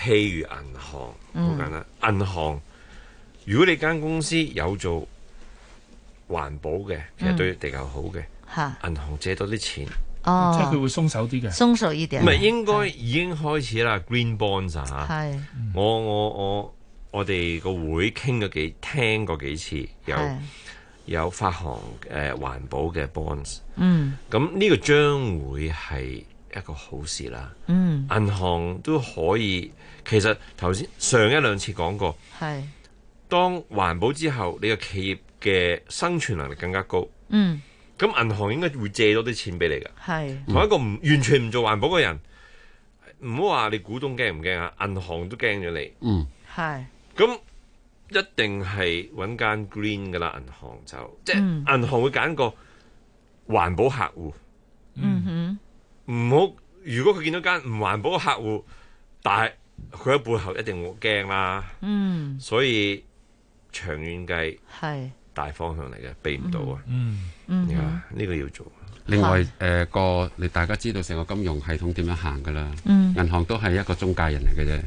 譬如銀行好簡單，嗯、銀行如果你間公司有做環保嘅，其實對地球好嘅、嗯，銀行借多啲錢，即係佢會鬆手啲嘅，鬆手啲啲。唔係應該已經開始啦，Green bonds 咋、啊？係我我我我哋個會傾咗幾聽過幾次，有有發行誒、呃、環保嘅 bonds。嗯，咁呢個將會係。一個好事啦，嗯，銀行都可以，其實頭先上一兩次講過，係當環保之後，你個企業嘅生存能力更加高，嗯，咁銀行應該會借多啲錢俾你噶，係同一個唔、嗯、完全唔做環保嘅人，唔好話你股東驚唔驚啊，銀行都驚咗你，嗯，係，咁一定係揾間 green 噶啦，銀行就、嗯、即係銀行會揀個環保客戶，嗯哼。嗯嗯唔好，如果佢見到間唔環保嘅客戶，但係佢喺背後一定會驚啦。嗯，所以長遠計係大方向嚟嘅，避唔到啊。嗯嗯，呢個要做。另外誒個，你、呃、大家知道成個金融系統點樣行㗎啦。嗯，銀行都係一個中介人嚟嘅啫。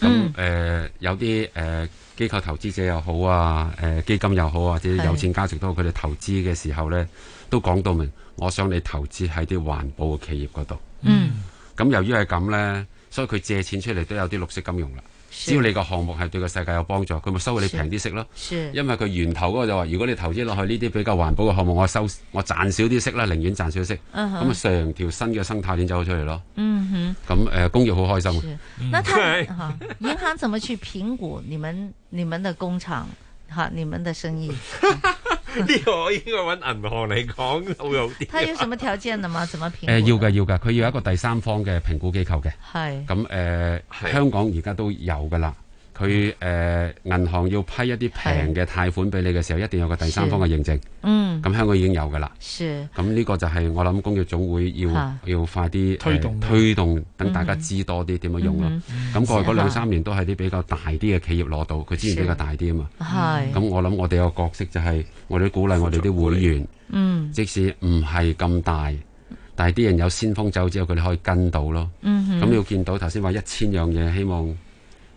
咁誒、呃、有啲誒。呃機構投資者又好啊，呃、基金又好，啊，或者有錢家族都好，佢哋投資嘅時候呢，都講到明，我想你投資喺啲環保嘅企業嗰度。嗯，咁由於係咁呢，所以佢借錢出嚟都有啲綠色金融啦。是只要你個項目係對個世界有幫助，佢咪收你平啲息咯。因為佢源頭嗰個就話，如果你投資落去呢啲比較環保嘅項目我，我收我賺少啲息啦，寧願賺少啲息。咁啊，成條新嘅生態鏈走咗出嚟咯。咁、uh、誒 -huh. 呃，工業好開心。那他銀 行怎麼去評估你們你們的工廠？好，你們的生意呢個我應該揾銀行嚟講好有啲。 他有什麼條件的嗎？怎麼評？誒、呃，要噶要噶，佢要一個第三方嘅評估機構嘅。係，咁誒、呃，香港而家都有噶啦。佢誒、呃、銀行要批一啲平嘅貸款俾你嘅時候，一定有個第三方嘅認證。嗯，咁香港已經有㗎啦。咁呢個就係我諗工業總會要要快啲推動、呃、推動等大家知多啲點樣用咯。咁、嗯嗯、過去嗰兩三年都係啲比較大啲嘅企業攞到，佢之前比較大啲啊嘛。咁、嗯嗯、我諗我哋個角色就係我哋鼓勵我哋啲會員，會嗯、即使唔係咁大，但係啲人有先鋒走之後，佢哋可以跟到咯。咁、嗯嗯、你咁要見到頭先話一千樣嘢，希望。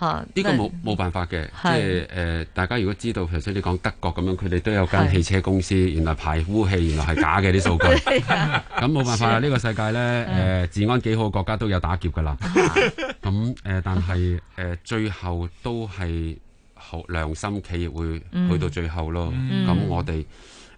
呢、這個冇冇辦法嘅，即係誒、呃，大家如果知道，譬如你講德國咁樣，佢哋都有一間汽車公司，原來排污氣，原來係假嘅啲 數據。咁 冇辦法啦，呢 個世界呢，誒、 呃，治安幾好嘅國家都有打劫噶啦。咁 誒、呃，但係誒、 呃，最後都係好良心企業會去到最後咯。咁、嗯嗯、我哋。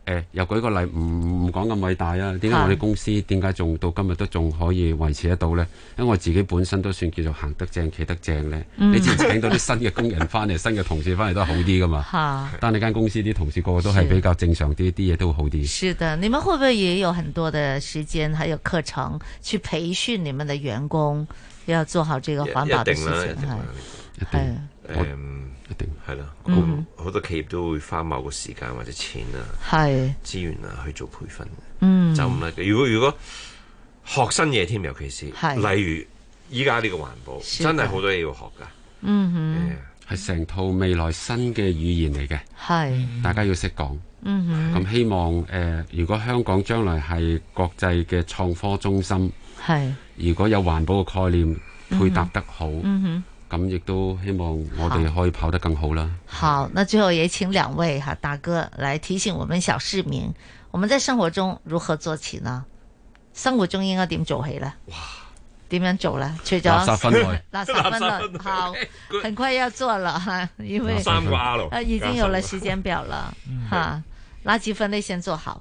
誒，又舉個例，唔唔講咁偉大啊？點解我哋公司點解仲到今日都仲可以維持得到呢？因為我自己本身都算叫做行得正企得正呢。嗯、你只要請到啲新嘅工人返嚟， 新嘅同事返嚟都好啲㗎嘛。但你間公司啲同事個個都係比較正常啲，啲嘢，都會好啲。是的，你們會不會也有很多的時間還有課程去培訓你們的員工，要做好這個環保的事情？係、啊，係咯，好、嗯、多企業都會花某個時間或者錢啊、資源啊去做培訓。嗯，就唔啦。如果如果學新嘢添，尤其是，是例如依家呢個環保，真係好多嘢要學噶。嗯係成、嗯、套未來新嘅語言嚟嘅。係，大家要識講。嗯哼，咁希望誒、呃，如果香港將來係國際嘅創科中心，係，如果有環保嘅概念、嗯、配搭得好，嗯咁亦都希望我哋可以跑得更好啦。好，那最後也請兩位哈大哥來提醒我們小市民，我們在生活中如何做起呢？生活中應該點做起呢？哇，點樣做呢？除咗垃圾分類，垃圾分類好，很快要做了哈，因為三已經有了時間表了哈，垃圾分類先做好。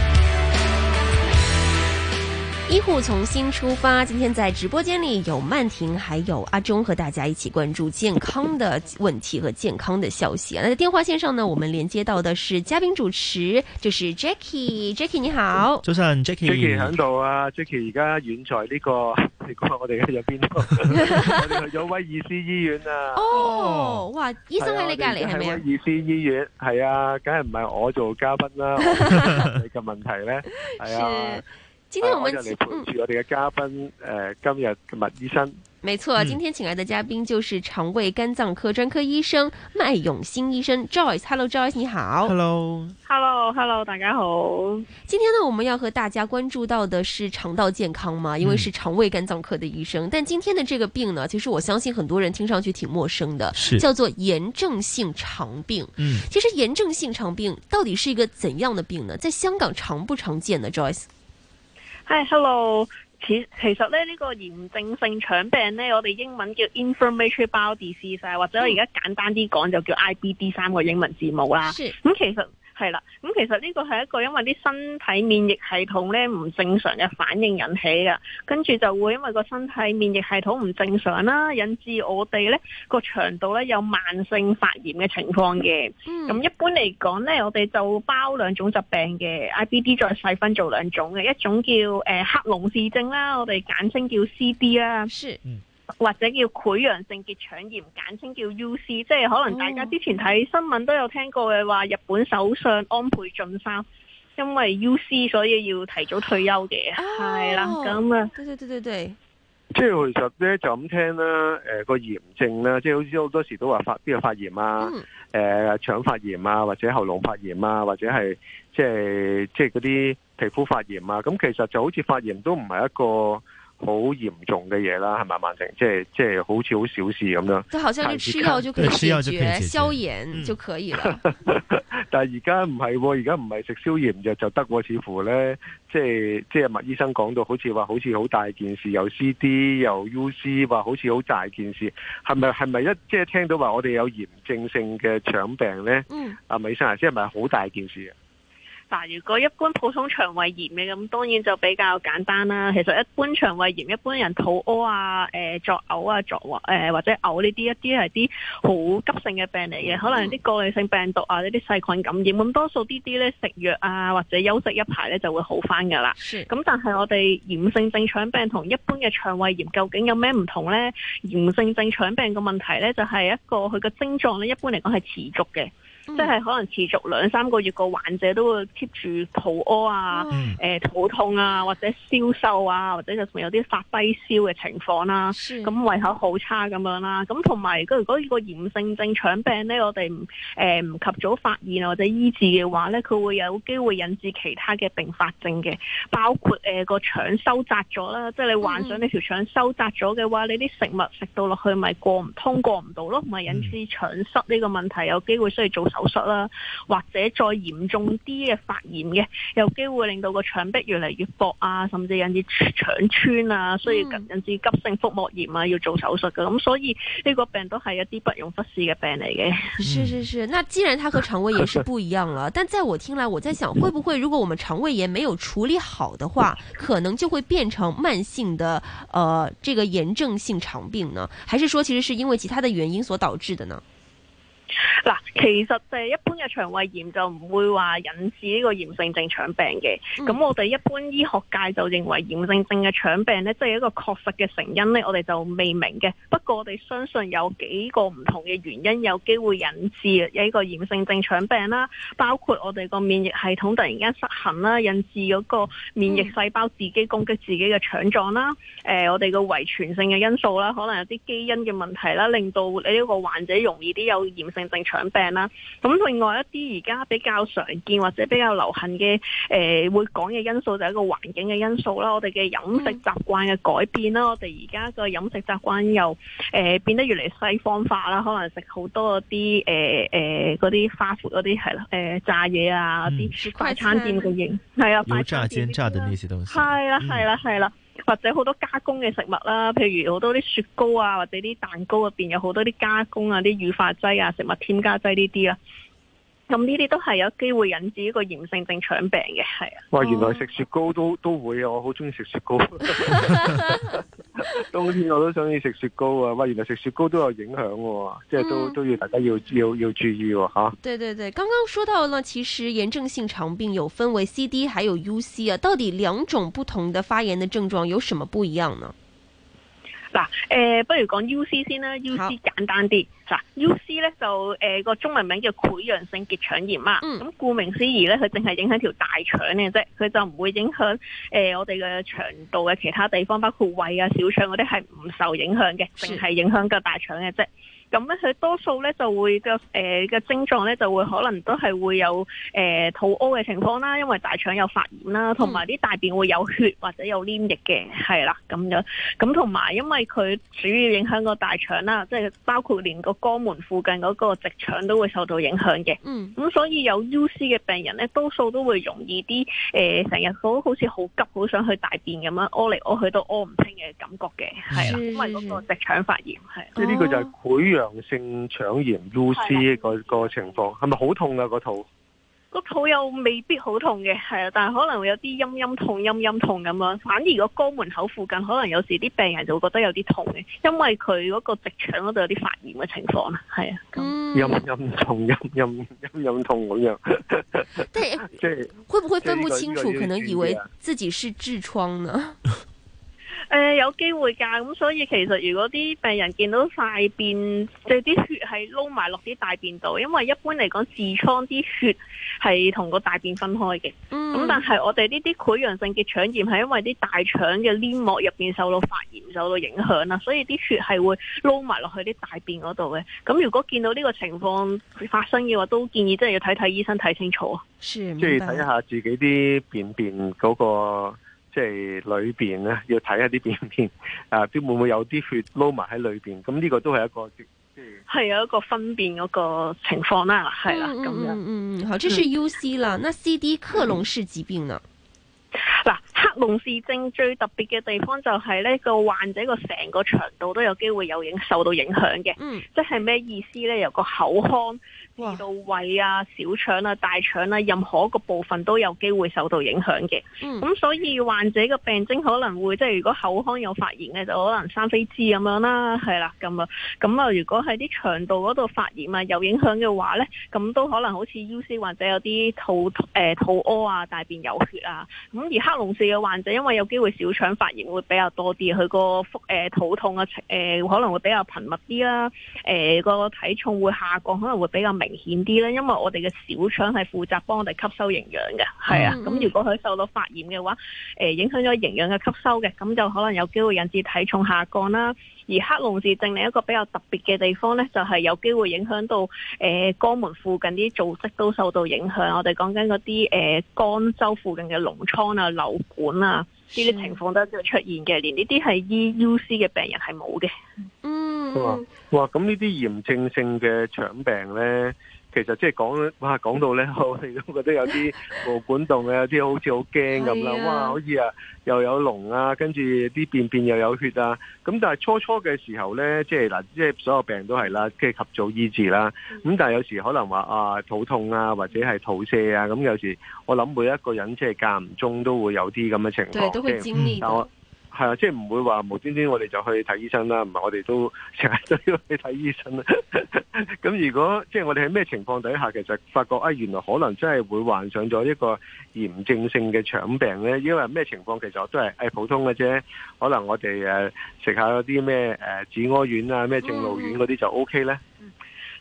醫護重新出發，今天在直播間裏有曼婷，還有阿中，和大家一起關注健康的問題和健康的消息。那在電話線上呢，我們連接到的是嘉賓主持，就是 Jackie，Jackie Jackie, 你好，早晨，Jackie，Jackie 響度啊，Jackie 而家遠在呢、這個，你講我哋喺入邊， 我哋去咗威爾斯醫院啊。哦、oh，，哇、啊，醫生喺你隔籬係咪？在在威爾斯醫院，係 啊，梗係唔係我做嘉賓啦， 我你嘅問題咧，係啊。今天我們、啊、請嗯，我哋嘅嘉賓今日嘅麥醫生。沒錯，今天請來的嘉賓就是腸胃肝臟科專科醫生、嗯、麥永新醫生 Joyce。Hello，Joyce，你好。Hello，Hello，Hello，hello, hello, 大家好。今天呢，我們要和大家關注到的是腸道健康嗎？因為是腸胃肝臟科的醫生、嗯，但今天的這個病呢，其實我相信很多人聽上去挺陌生的，是叫做炎症性腸病。嗯，其實炎症性腸病到底是一個怎樣的病呢？在香港常不常見呢？Joyce。誒、哎、hello，其其實咧呢、這個炎症性腸病咧，我哋英文叫 inflammatory bowel disease，或者我而家簡單啲講就叫 IBD 三個英文字母啦。是。咁、嗯、其實。係啦，咁其實呢個係一個因為啲身體免疫系統咧唔正常嘅反應引起嘅，跟住就會因為個身體免疫系統唔正常啦，引致我哋咧個腸道咧有慢性發炎嘅情況嘅。咁、嗯、一般嚟講咧，我哋就包兩種疾病嘅 IBD，再細分做兩種嘅，一種叫誒克隆氏症啦，我哋簡稱叫 CD 啦。是。或者叫潰瘍性結腸炎，簡稱叫 U C，即係可能大家之前睇新聞都有聽過嘅話，日本首相安倍晉三因為 U C 所以要提早退休嘅，係、oh，啦，咁啊，對對對對對，即係其實咧就咁聽啦，誒個炎症啦，即係好似好多時都話發邊個發炎啊，誒腸發炎啊，或者喉嚨發炎啊，或者係即係即係嗰啲皮膚發炎啊，咁其實就好似發炎都唔係一個。好嚴重嘅嘢啦，係咪？慢性即係即係好似好小事咁樣，就好似你吃藥就可以消炎就可以啦、嗯、 但係而家唔係，而家唔係食消炎就就得。我似乎咧，即係即係麥醫生講到，好似話好似好大件事，有 C D，有 U C，話好似好大件事。係咪係咪一即係聽到話我哋有炎症性嘅腸病咧？嗯，阿、啊、麥醫生頭即係咪好大件事啊？但如果一般普通腸胃炎嘅咁，當然就比較簡單啦。其實一般腸胃炎，一般人肚屙啊、誒作嘔啊、作誒、呃、或者嘔呢啲一啲係啲好急性嘅病嚟嘅，可能係啲過濾性病毒啊、呢啲細菌感染咁，多數這些呢啲咧食藥啊或者休息一排咧，就會好翻噶啦。咁但係我哋炎性症腸病同一般嘅腸胃炎究竟有咩唔同咧？炎性症腸病嘅問題咧就係、是、一個佢嘅症狀咧一般嚟講係持續嘅。嗯、即係可能持續兩三個月，個患者都會 keep 住肚屙啊、誒、嗯欸、肚痛啊，或者消瘦啊，或者甚至有啲發低燒嘅情況啦、啊。咁胃口好差咁樣啦、啊。咁同埋，佢如果呢個炎症性腸病咧，我哋誒唔、誒、唔及早發現或者醫治嘅話咧，佢會有機會引致其他嘅併發症嘅，包括誒、呃、個腸收窄咗啦。即係你幻想你條腸收窄咗嘅話，你啲食物食到落去咪過唔通過唔到咯，咪引致腸塞呢個問題，有機會需要做手手術啦，或者再嚴重啲嘅發炎嘅，有機會令到個腸壁越嚟越薄啊，甚至引致腸穿啊，所以引致急性腹膜炎啊，要做手術㗎。咁、嗯嗯、所以呢個病都係一啲不容忽視嘅病嚟嘅。是是是，那既然它和腸胃炎是不一樣了，但在我聽來，我在想，會不會如果我們腸胃炎沒有處理好的話，可能就會變成慢性的，呃，這個炎症性腸病呢？還是說，其實是因為其他的原因所導致的呢？嗱，其實就係一般嘅腸胃炎就唔會話引致呢個炎症性腸病嘅。咁我哋一般醫學界就認為炎症性嘅腸病咧，即係一個確實嘅成因咧，我哋就未明嘅。不過我哋相信有幾個唔同嘅原因，有機會引致呢個炎症性腸病啦。包括我哋個免疫系統突然間失衡啦，引致嗰個免疫細胞自己攻擊自己嘅腸臟啦。誒，我哋個遺傳性嘅因素啦，可能有啲基因嘅問題啦，令到你呢個患者容易啲有炎症。慢性腸病啦，咁另外一啲而家比較常見或者比較流行嘅，誒、呃、會講嘅因素就係一個環境嘅因素啦。我哋嘅飲食習慣嘅改變啦、嗯，我哋而家個飲食習慣又誒、呃、變得越嚟西方化啦，可能食好多嗰啲誒誒啲花腐嗰啲係啦，誒、呃、炸嘢啊啲快、嗯、餐店嘅型係啊，油炸煎炸的那些東西係啦係啦係啦。或者好多加工嘅食物啦，譬如好多啲雪糕啊，或者啲蛋糕入邊有好多啲加工啊、啲乳化劑啊、食物添加劑呢啲啦。咁呢啲都係有機會引致一個炎症性腸病嘅，係啊。哇，原來食雪糕都都會啊！我好中意食雪糕，冬 天我都中意食雪糕啊！哇，原來食雪糕都有影響嘅，啊，即係都，嗯，都要大家要要要注意吓，啊。對對對，剛剛說到啦，其實炎症性腸病有分為 CD 還有 UC 啊，到底兩種不同的發炎的症狀有什麼不一樣呢？嗱、啊，誒、呃，不如講 U C 先啦，U C 簡單啲。嗱，U C 咧就誒個、呃、中文名叫潰瘍性結腸炎啦，咁顧名思義咧，佢淨係影響條大腸嘅啫，佢就唔會影響誒、呃、我哋嘅腸道嘅其他地方，包括胃啊、小腸嗰啲係唔受影響嘅，淨係影響個大腸嘅啫。咁、嗯、咧，佢、嗯、多數咧就會個嘅、呃、症狀咧就會可能都係會有誒肚屙嘅情況啦，因為大腸有發炎啦，同埋啲大便會有血或者有黏液嘅，係啦咁樣。咁同埋因為佢主要影響個大腸啦，即係包括連個肛門附近嗰個直腸都會受到影響嘅。嗯。咁、嗯、所以有 U C 嘅病人咧，多數都會容易啲誒成日嗰好似好急好想去大便咁樣，屙嚟屙去都屙唔清嘅感覺嘅，係啦、嗯，因為嗰個直腸發炎係。即、嗯、呢、這個就係潰瘍。良性腸炎、l o o 個情況係咪好痛啊？的個肚個肚又未必好痛嘅，係啊，但係可能會有啲陰陰痛、陰陰痛咁樣。反而個肛門口附近，可能有時啲病人就會覺得有啲痛嘅，因為佢嗰個直腸嗰度有啲發炎嘅情況啦，係啊，陰陰、嗯、痛、陰陰陰陰痛咁樣。即係即係 會唔會分不清楚，可能以為自己是痔瘡呢？ 誒、呃，有機會噶，咁、嗯、所以其實如果啲病人見到大便即係啲血係撈埋落啲大便度，因為一般嚟講痔瘡啲血係同個大便分開嘅。嗯，咁但係我哋呢啲潰瘍性嘅腸炎係因為啲大腸嘅黏膜入邊受到發炎受到影響啦，所以啲血係會撈埋落去啲大便嗰度嘅。咁如果見到呢個情況發生嘅話，都建議真係要睇睇醫生睇清楚啊。即係睇下自己啲便便嗰、那個。即係裏邊咧，要睇一啲病變，啊，都會唔會有啲血撈埋喺裏邊？咁呢個都係一個，係、就是、有一個分辨嗰個情況啦、啊，係啦，咁樣。嗯嗯，嗯好，這是 U C 啦、嗯，那 C D 克隆氏疾病呢？嗱、嗯，克隆氏症最特別嘅地方就係咧，個患者個成個腸道都有機會有影受到影響嘅、嗯。即係咩意思咧？由個口腔。 嗯、到胃啊、小腸啊、大腸啊，任何一個部分都有機會受到影響嘅。咁、嗯嗯、所以患者嘅病徵可能會即係如果口腔有發炎嘅，就可能生痱滋咁樣啦，係啦咁啊。咁啊，如果喺啲腸道嗰度發炎啊，有影響嘅話咧，咁都可能好似 U C 患者有啲肚誒肚屙、欸、啊、大便有血啊。咁而克隆氏嘅患者，因為有機會小腸發炎會比較多啲，佢個腹誒肚痛啊、誒、呃、可能會比較頻密啲啦。誒、呃、個體重會下降，可能會比較明顯啲啦，因為我哋嘅小腸係負責幫我哋吸收營養嘅，係啊。咁如果佢受到發炎嘅話，誒、呃、影響咗營養嘅吸收嘅，咁就可能有機會引致體重下降啦。而克隆氏症另一個比較特別嘅地方呢，就係、是、有機會影響到誒肛、呃、門附近啲組織都受到影響。我哋講緊嗰啲誒肛周附近嘅膿瘡啊、瘻管啊呢啲情況都會出現嘅，連呢啲係醫 U C 嘅病人係冇嘅。嗯。嗯、哇咁呢啲炎症性嘅腸病咧，其實即係講哇，講到咧，我哋都覺得有啲毛管動嘅， 有啲好似好驚咁啦。哇！好似啊，又有膿啊，跟住啲便便又有血啊。咁但係初初嘅時候咧，即係嗱，即、就、係、是、所有病都係啦，即、就、係、是、及早醫治啦。咁、嗯、但係有時可能話啊，肚痛啊，或者係肚瀉啊，咁有時我諗每一個人即係間唔中都會有啲咁嘅情況。對都會係啊，即係唔會話無端端我哋就去睇醫生啦，唔係我哋都成日都要去睇醫生啦。咁 如果即係我哋喺咩情況底下，其實發覺啊，原來可能真係會患上咗一個炎症性嘅腸病咧。因為咩情況？其實我都係誒普通嘅啫。可能我哋誒食下嗰啲咩誒止屙丸啊，咩正露丸嗰啲就 O K 咧。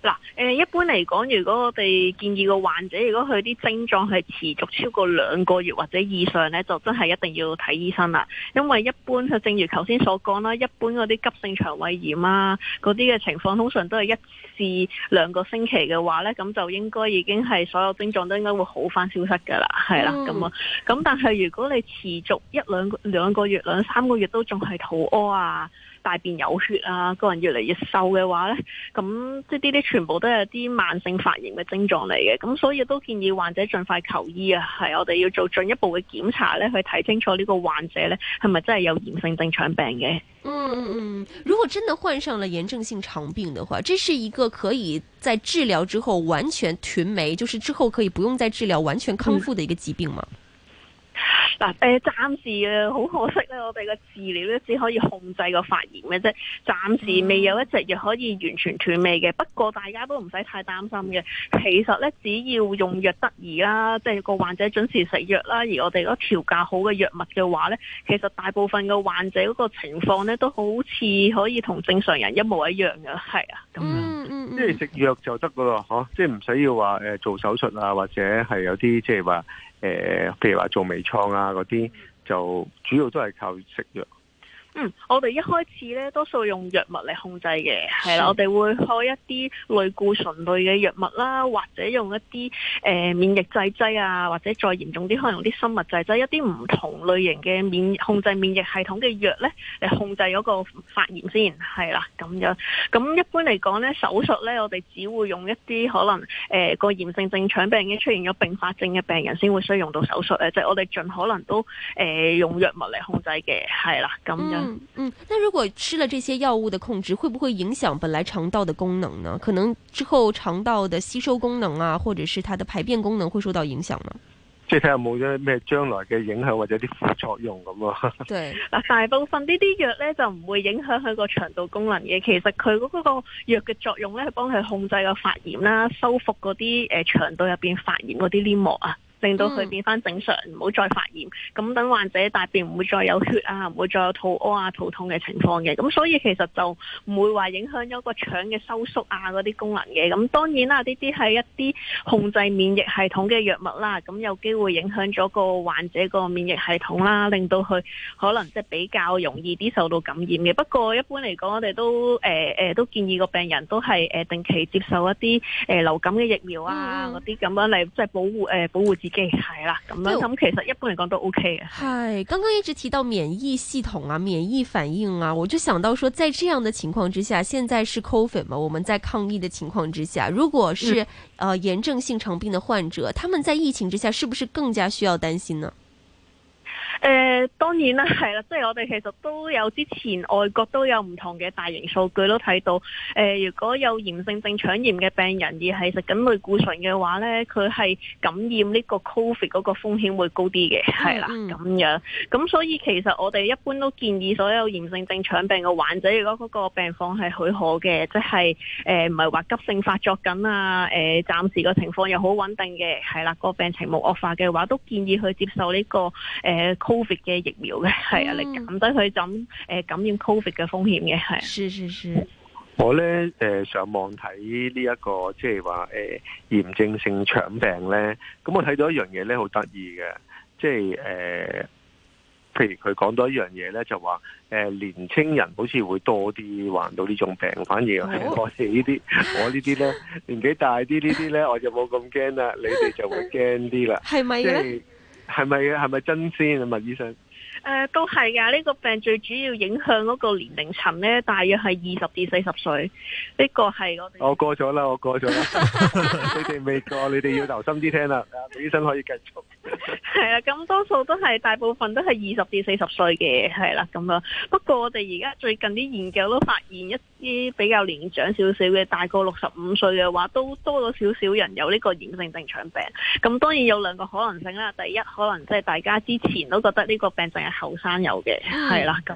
嗱，誒、呃，一般嚟講，如果我哋建議個患者，如果佢啲症狀係持續超過兩個月或者以上咧，就真係一定要睇醫生啦。因為一般，佢正如頭先所講啦，一般嗰啲急性腸胃炎啊，嗰啲嘅情況通常都係一至兩個星期嘅話咧，咁就應該已經係所有症狀都應該會好翻消失噶啦，係啦，咁、嗯、啊，咁但係如果你持續一兩個兩個月、兩三個月都仲係肚屙啊。大便有血啊，個人越嚟越瘦嘅話呢，咁即係呢啲全部都有啲慢性發炎嘅症狀嚟嘅，咁所以都建議患者盡快求醫啊，係我哋要做進一步嘅檢查咧，去睇清楚呢個患者咧係咪真係有炎症性腸病嘅。嗯嗯嗯，如果真的患上了炎症性腸病的話，這是一個可以在治療之後完全斷尾，就是之後可以不用再治療完全康復嘅一個疾病嗎？嗯嗱、呃，誒，暫時誒，好可惜咧，我哋嘅治療咧只可以控制個發炎嘅啫，暫時未有一隻藥可以完全斷尾嘅。不過大家都唔使太擔心嘅，其實咧只要用藥得宜啦，即係個患者準時食藥啦，而我哋嗰調教好嘅藥物嘅話咧，其實大部分嘅患者嗰個情況咧，都好似可以同正常人一模一樣嘅，係啊，咁樣，即係食藥就得噶啦，吓、嗯嗯，即係唔使要話誒做手術啊，或者係有啲即係話。誒、呃，譬如話做微創啊，嗰啲就主要都係靠食藥。嗯，我哋一開始咧，多數用藥物嚟控制嘅，係啦，我哋會開一啲類固醇類嘅藥物啦，或者用一啲誒、呃、免疫製劑啊，或者再嚴重啲，可能用啲生物製劑，一啲唔同類型嘅免疫控制免疫系統嘅藥咧嚟控制嗰個發炎先，係啦，咁樣。咁一般嚟講咧，手術咧，我哋只會用一啲可能誒、呃、個炎症性腸病已經出現咗併發症嘅病人先會需要用到手術咧，即、就、係、是、我哋盡可能都誒、呃、用藥物嚟控制嘅，係啦，咁樣。嗯嗯嗯，那如果吃了這些藥物的控制，會不會影響本來腸道的功能呢？可能之後腸道的吸收功能啊，或者是它的排便功能會受到影響呢？即係睇下冇咗咩將來嘅影響或者啲副作用咁啊。 對，嗱，大部分呢啲藥呢，就唔會影響佢個腸道功能嘅。其實佢嗰個藥嘅作用呢，係幫佢控制個發炎啦，修復嗰啲誒腸道入邊發炎嗰啲黏膜啊。令到佢變翻正常，唔、嗯、好再發炎，咁等患者大便唔會再有血啊，唔會再有肚屙啊、肚痛嘅情況嘅。咁所以其實就唔會話影響咗個腸嘅收縮啊嗰啲功能嘅。咁當然啦，呢啲係一啲控制免疫系統嘅藥物啦，咁有機會影響咗個患者個免疫系統啦，令到佢可能即係比較容易啲受到感染嘅。不過一般嚟講，我哋都誒誒都建議個病人都係誒、呃、定期接受一啲誒、呃、流感嘅疫苗啊嗰啲咁樣嚟，即係保護誒、呃、保護自。係啦，咁 咁其實一般嚟講都 OK 嘅。係，剛剛一直提到免疫系統啊，免疫反應啊，我就想到說，在這樣的情況之下，現在是 Covid 嘛，我們在抗疫的情況之下，如果是，嗯、呃，炎症性腸病的患者，他們在疫情之下，是不是更加需要擔心呢？誒、呃，當然啦，係啦，即係我哋其實都有，之前外國都有唔同嘅大型數據都睇到，誒、呃，如果有炎症性腸炎嘅病人而係食緊類固醇嘅話咧，佢係感染呢個 Covid 嗰個風險會高啲嘅，係啦，咁、嗯、樣，咁所以其實我哋一般都建議所有炎症性腸病嘅患者，如果嗰個病況係許可嘅，即係誒唔係話急性發作緊啊，誒、呃、暫時個情況又好穩定嘅，係啦，這個病情冇惡化嘅話，都建議去接受呢、這個誒。呃 Covid 嘅疫苗嘅，係、嗯、啊，你減低佢咁誒感染 Covid 嘅風險嘅，係。是，、啊、是，是，是我咧誒、呃、上網睇、這個就是呃、呢一個即係話誒炎症性腸病咧，咁我睇到一樣嘢咧好得意嘅，即係誒，譬如佢講到一樣嘢咧就話，誒、呃、年青人好似會多啲患到呢種病，反而我哋 些呢啲，我 呢啲咧年紀大啲呢啲咧，我就冇咁驚啦，你哋就會驚啲啦，係咪即係？就是係咪係咪真先啊，麥醫生？誒、呃，都係噶，呢、這個病最主要影響嗰個年齡層呢，大約係二十至四十歲。呢、這個係我我過咗啦，我過咗。 你哋未過，你哋要留心啲聽啦。啊，醫生可以繼續。係啊，咁多數都係，大部分都係二十至四十歲嘅，係啦咁樣。不過我哋而家最近啲研究都發現一啲比較年長少少嘅，大過六十五歲嘅話，都多咗少少人有呢個炎症性腸病。咁當然有兩個可能性啦，第一可能即係大家之前都覺得呢個病淨後生有嘅，係啦，咁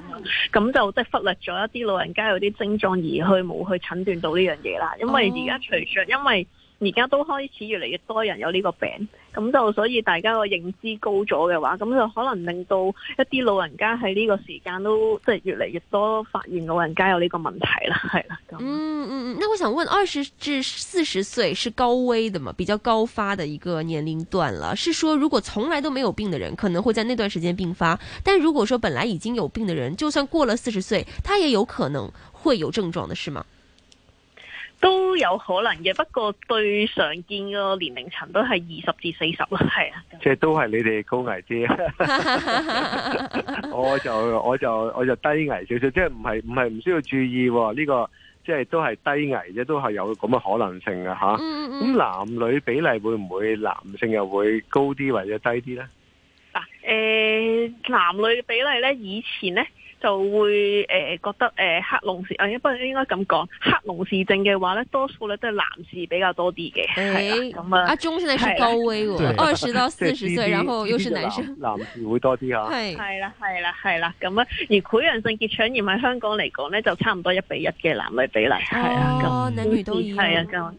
咁就即係忽略咗一啲老人家有啲症狀，而去冇去診斷到呢樣嘢啦，因為而家隨着因為。而家都開始越嚟越多人有呢個病，咁就所以大家個認知高咗嘅話，咁就可能令到一啲老人家喺呢個時間都即係越嚟越多發現老人家有呢個問題啦，係啦。咁嗯嗯嗯，那我想問，二十至四十歲是高危的嘛？比較高發的一個年齡段啦。是說如果從來都沒有病的人，可能會在那段時間病發，但如果說本來已經有病的人，就算過了四十歲，他也有可能會有症狀的，是嗎？都有可能嘅，不過對常見個年齡層都係二十至四十咯，係啊。即係都係你哋高危啲， 我就我就我就低危少少，即係唔係唔係唔需要注意喎？呢、這個即係都係低危啫，都係有咁嘅可能性啊！吓、mm -hmm. 嗯，咁、嗯、男女比例會唔會男性又會高啲或者低啲呢？嗱、啊呃，男女比例呢，以前呢。就會誒、呃、覺得誒、呃，黑龍氏誒，不過，應該咁講，黑龍氏症嘅話咧，多數咧都係男士比較多啲嘅，係、欸、啊，咁啊，阿中先係高危喎，二十到四十歲， 然後又是男生，男，男士會多啲啊？係啦、啊，係啦、啊，係啦，咁啊，而潰瘍性結腸炎喺香港嚟講咧，就差唔多一比一嘅男女比例，係啊，咁、哦，係、嗯、啊，咁、嗯。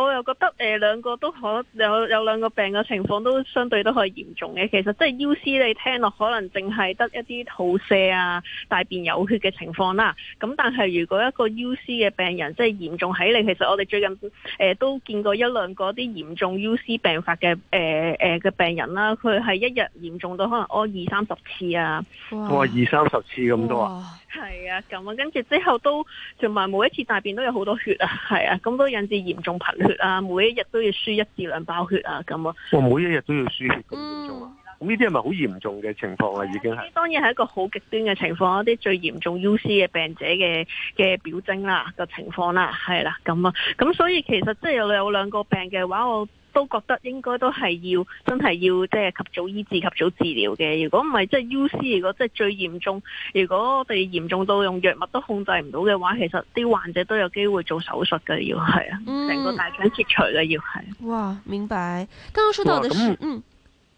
我又覺得誒兩、呃、個都可有有兩個病嘅情況都相對都可以嚴重嘅，其實即係 U C 你聽落可能淨係得一啲肚瀉啊、大便有血嘅情況啦。咁但係如果一個 U C 嘅病人即係嚴重起嚟，其實我哋最近、呃、都見過一兩個啲嚴重 U C 病發嘅嘅病人啦，佢係一日嚴重到可能屙二三十次啊！哇，哦、二三十次咁多啊！係啊，咁啊，跟住之後都，同埋每一次大便都有好多血啊，係啊，咁都引致嚴重貧血啊，每一日都要輸一至兩包血啊，咁啊，我、哦、每一日都要輸血咁嚴重啊，咁呢啲係咪好嚴重嘅情況啊？已經係，啊、當然係一個好極端嘅情況，啊，一啲最嚴重 U C 嘅病者嘅嘅表徵啦，個情況啦，係啦，咁啊，咁、啊啊啊、所以其實即係有有兩個病嘅話我。都覺得應該都係要真係要即係及早醫治及早治療嘅。不 UC, 如果唔係，即係 U C，如果即係最嚴重，如果我哋嚴重到用藥物都控制唔到嘅話，其實啲患者都有機會做手術嘅，要係啊，成個大腸切除嘅，要係、嗯。哇，明白。剛剛說到嘅事，嗯。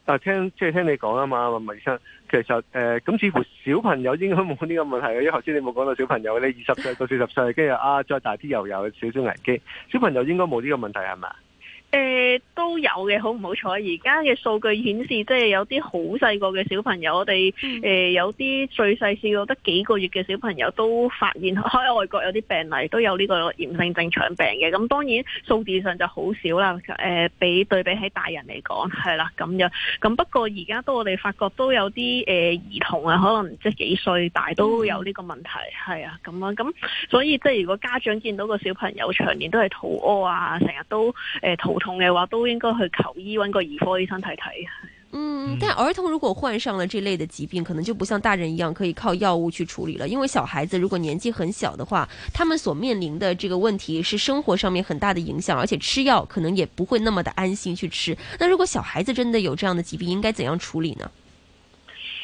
啊，聽即係聽你講啊嘛，麥醫生，其實誒，咁、呃、似乎小朋友應該冇呢個問題嘅。因為頭先你冇講到小朋友，你二十歲到四十歲，跟住啊再大啲又有少少危機。小朋友應該冇呢個問題係咪？是誒、呃，都有嘅，好唔好彩？而家嘅數據顯示，即係有啲好細個嘅小朋友，我哋誒、嗯、呃、有啲最細試過得幾個月嘅小朋友都發現喺外國有啲病例都有呢個炎症性腸病嘅。咁當然數字上就好少啦。誒、呃，比對比起大人嚟講係啦，咁樣。咁不過而家都我哋發覺都有啲誒、呃、兒童啊，可能即係幾歲大都有呢個問題係啊咁樣。咁所以即係如果家長見到個小朋友長年都係肚屙啊，成日都誒肚。呃痛嘅話都應該去求醫，揾個兒科醫生睇睇。嗯，但兒童如果患上了這類的疾病，可能就不像大人一樣可以靠藥物去處理了。因為小孩子如果年紀很小的話，他們所面臨的這個問題是生活上面很大的影響，而且吃藥可能也不會那麼的安心去吃。那如果小孩子真的有這樣的疾病，應該怎樣處理呢？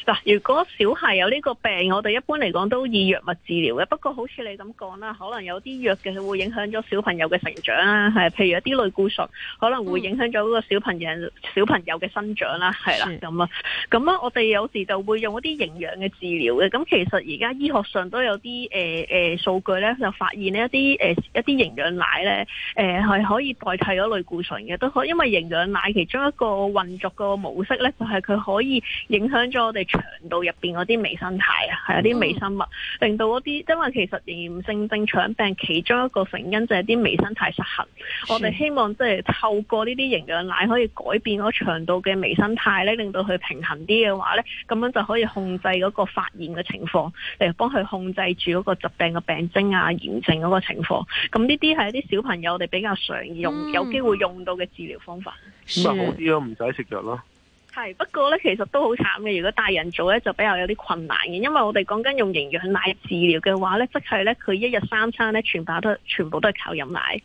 嗱，如果小孩有呢個病，我哋一般嚟講都以藥物治療嘅。不過好似你咁講啦，可能有啲藥嘅會影響咗小朋友嘅成長啦，係，譬如一啲類固醇，可能會影響咗個小朋友小朋友嘅生長啦，係啦，咁、嗯、啊，咁啊，我哋有時就會用一啲營養嘅治療嘅。咁其實而家醫學上都有啲誒誒數據咧，就發現呢一啲誒、呃、一啲營養奶咧，誒、呃、係可以代替咗類固醇嘅，都可以，因為營養奶其中一個運作個模式咧，就係、是、佢可以影響咗我哋。腸道入邊嗰啲微生態啊，係有啲微生物，令到嗰啲，因為其實炎症性腸病其中一個成因就係啲微生態失衡。我哋希望即係透過呢啲營養奶可以改變嗰腸道嘅微生態咧，令到佢平衡啲嘅話咧，咁樣就可以控制嗰個發炎嘅情況，嚟幫佢控制住嗰個疾病嘅病徵啊、炎症嗰個情況。咁呢啲係一啲小朋友我哋比較常用、嗯、有機會用到嘅治療方法。咁、嗯、啊，好啲咯，唔使食藥咯。係，不過咧其實都好慘嘅。如果大人做咧，就比較有啲困難嘅，因為我哋講緊用營養奶治療嘅話咧，即係咧佢一日三餐咧，全部都是全部都係靠飲奶，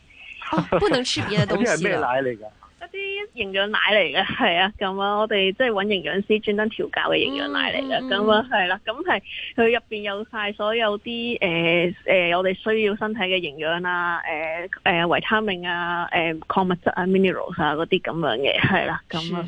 不能吃別的東西啊。即係咩奶嚟㗎？一啲營養奶嚟嘅，係啊，咁啊，我哋即係搵營養師專登調教嘅營養奶嚟嘅。咁樣係啦，咁係佢入邊有晒所有啲誒誒，我、呃、哋、呃呃、需要身體嘅營養啊，誒、呃、誒，維他命啊，誒、呃、礦物質啊，minerals 啊嗰啲咁樣嘅，係啦，咁啊。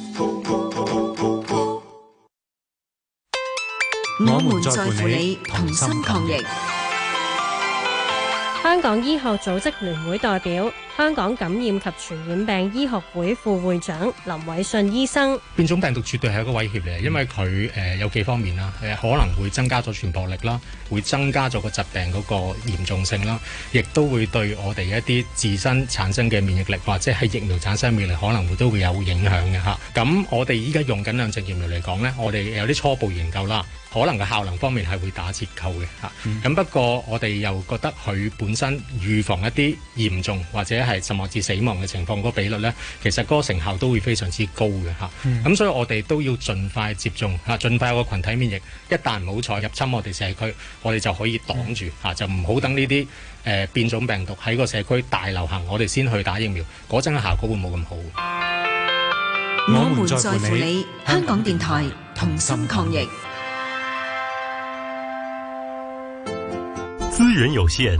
我們在乎你，同心抗疫。香港醫學組織聯會代表。香港感染及傳染病醫學會副會長林緯遜醫生：變種病毒絕對係一個威脅嚟，因為佢誒有幾方面啦，誒可能會增加咗傳播力啦，會增加咗個疾病嗰個嚴重性啦，亦都會對我哋一啲自身產生嘅免疫力或者係疫苗產生的免疫力，可能會都會有影響嘅吓。咁我哋依家用緊兩隻疫苗嚟講咧，我哋有啲初步研究啦，可能嘅效能方面係會打折扣嘅吓。咁不過我哋又覺得佢本身預防一啲嚴重或者～係甚至死亡嘅情況，個比率呢，其實嗰個成效都會非常之高嘅吓。咁、嗯嗯、所以我哋都要盡快接種，吓，盡快有個群體免疫。一旦唔好彩入侵我哋社區，我哋就可以擋住，吓、嗯啊，就唔好等呢啲誒變種病毒喺個社區大流行，我哋先去打疫苗，嗰陣嘅效果會冇咁好。我們在乎你，香港電台同心抗疫。同同資源有限。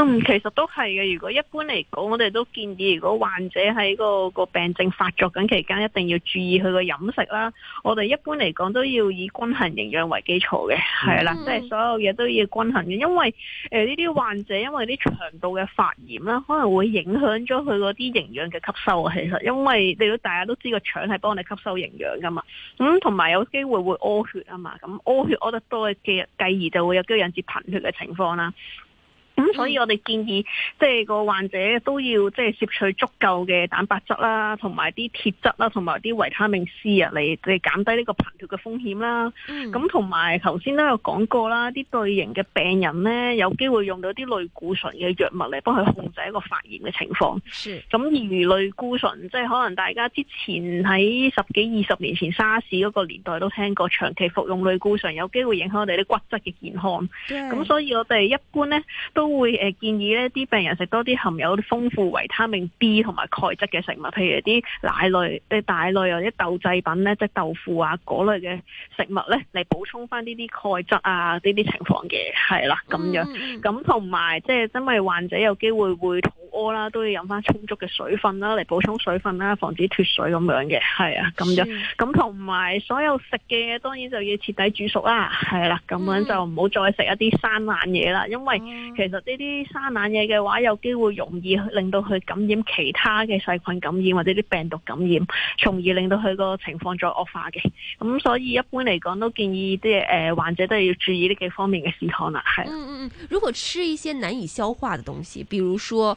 嗯，其實都係嘅。如果一般嚟講，我哋都建議，如果患者喺個個病症發作緊期間，一定要注意佢個飲食啦。我哋一般嚟講都要以均衡營養為基礎嘅，係啦，即、嗯、係所有嘢都要均衡嘅。因為誒呢啲患者因為啲腸道嘅發炎啦，可能會影響咗佢嗰啲營養嘅吸收啊。其實因為你都大家都知個腸係幫你吸收營養噶嘛。咁同埋有機會會屙血啊嘛。咁屙血屙得多嘅繼繼而就會有機會引致貧血嘅情況啦。咁、嗯、所以，我哋建議即係個患者都要即係攝取足夠嘅蛋白質啦，同埋啲鐵質啦，同埋啲維他命 C 啊，嚟嚟減低呢個貧血嘅風險啦。咁同埋頭先都有講過啦，啲類型嘅病人呢，有機會用到啲類固醇嘅藥物嚟幫佢控制一個發炎嘅情況。咁而類固醇，即係可能大家之前喺十幾二十年前沙士嗰個年代都聽過，長期服用類固醇有機會影響我哋啲骨質嘅健康。咁所以，我哋一般呢，都都會誒建議呢啲病人食多啲含有豐富維他命 B 同埋鈣質嘅食物，譬如啲奶類、誒大豆或者豆製品咧，即係豆腐啊嗰類嘅食物咧，嚟補充翻呢啲鈣質啊，呢啲情況嘅係啦咁樣，咁同埋即係因為患者有機會會。屙啦都要飲翻充足嘅水分啦，嚟補充水分啦，防止脫水咁樣嘅，係啊咁樣，咁同埋所有食嘅嘢，當然就要徹底煮熟啦，係啦，咁樣就唔好再食一啲生冷嘢啦，因為其實呢啲生冷嘢嘅話，嗯、有機會容易令到佢感染其他嘅細菌感染或者啲病毒感染，從而令到佢個情況再惡化嘅。咁所以一般嚟講都建議啲誒、呃、患者都要注意呢幾方面嘅事項啦，係。如果吃一些難以消化嘅東西，比如說。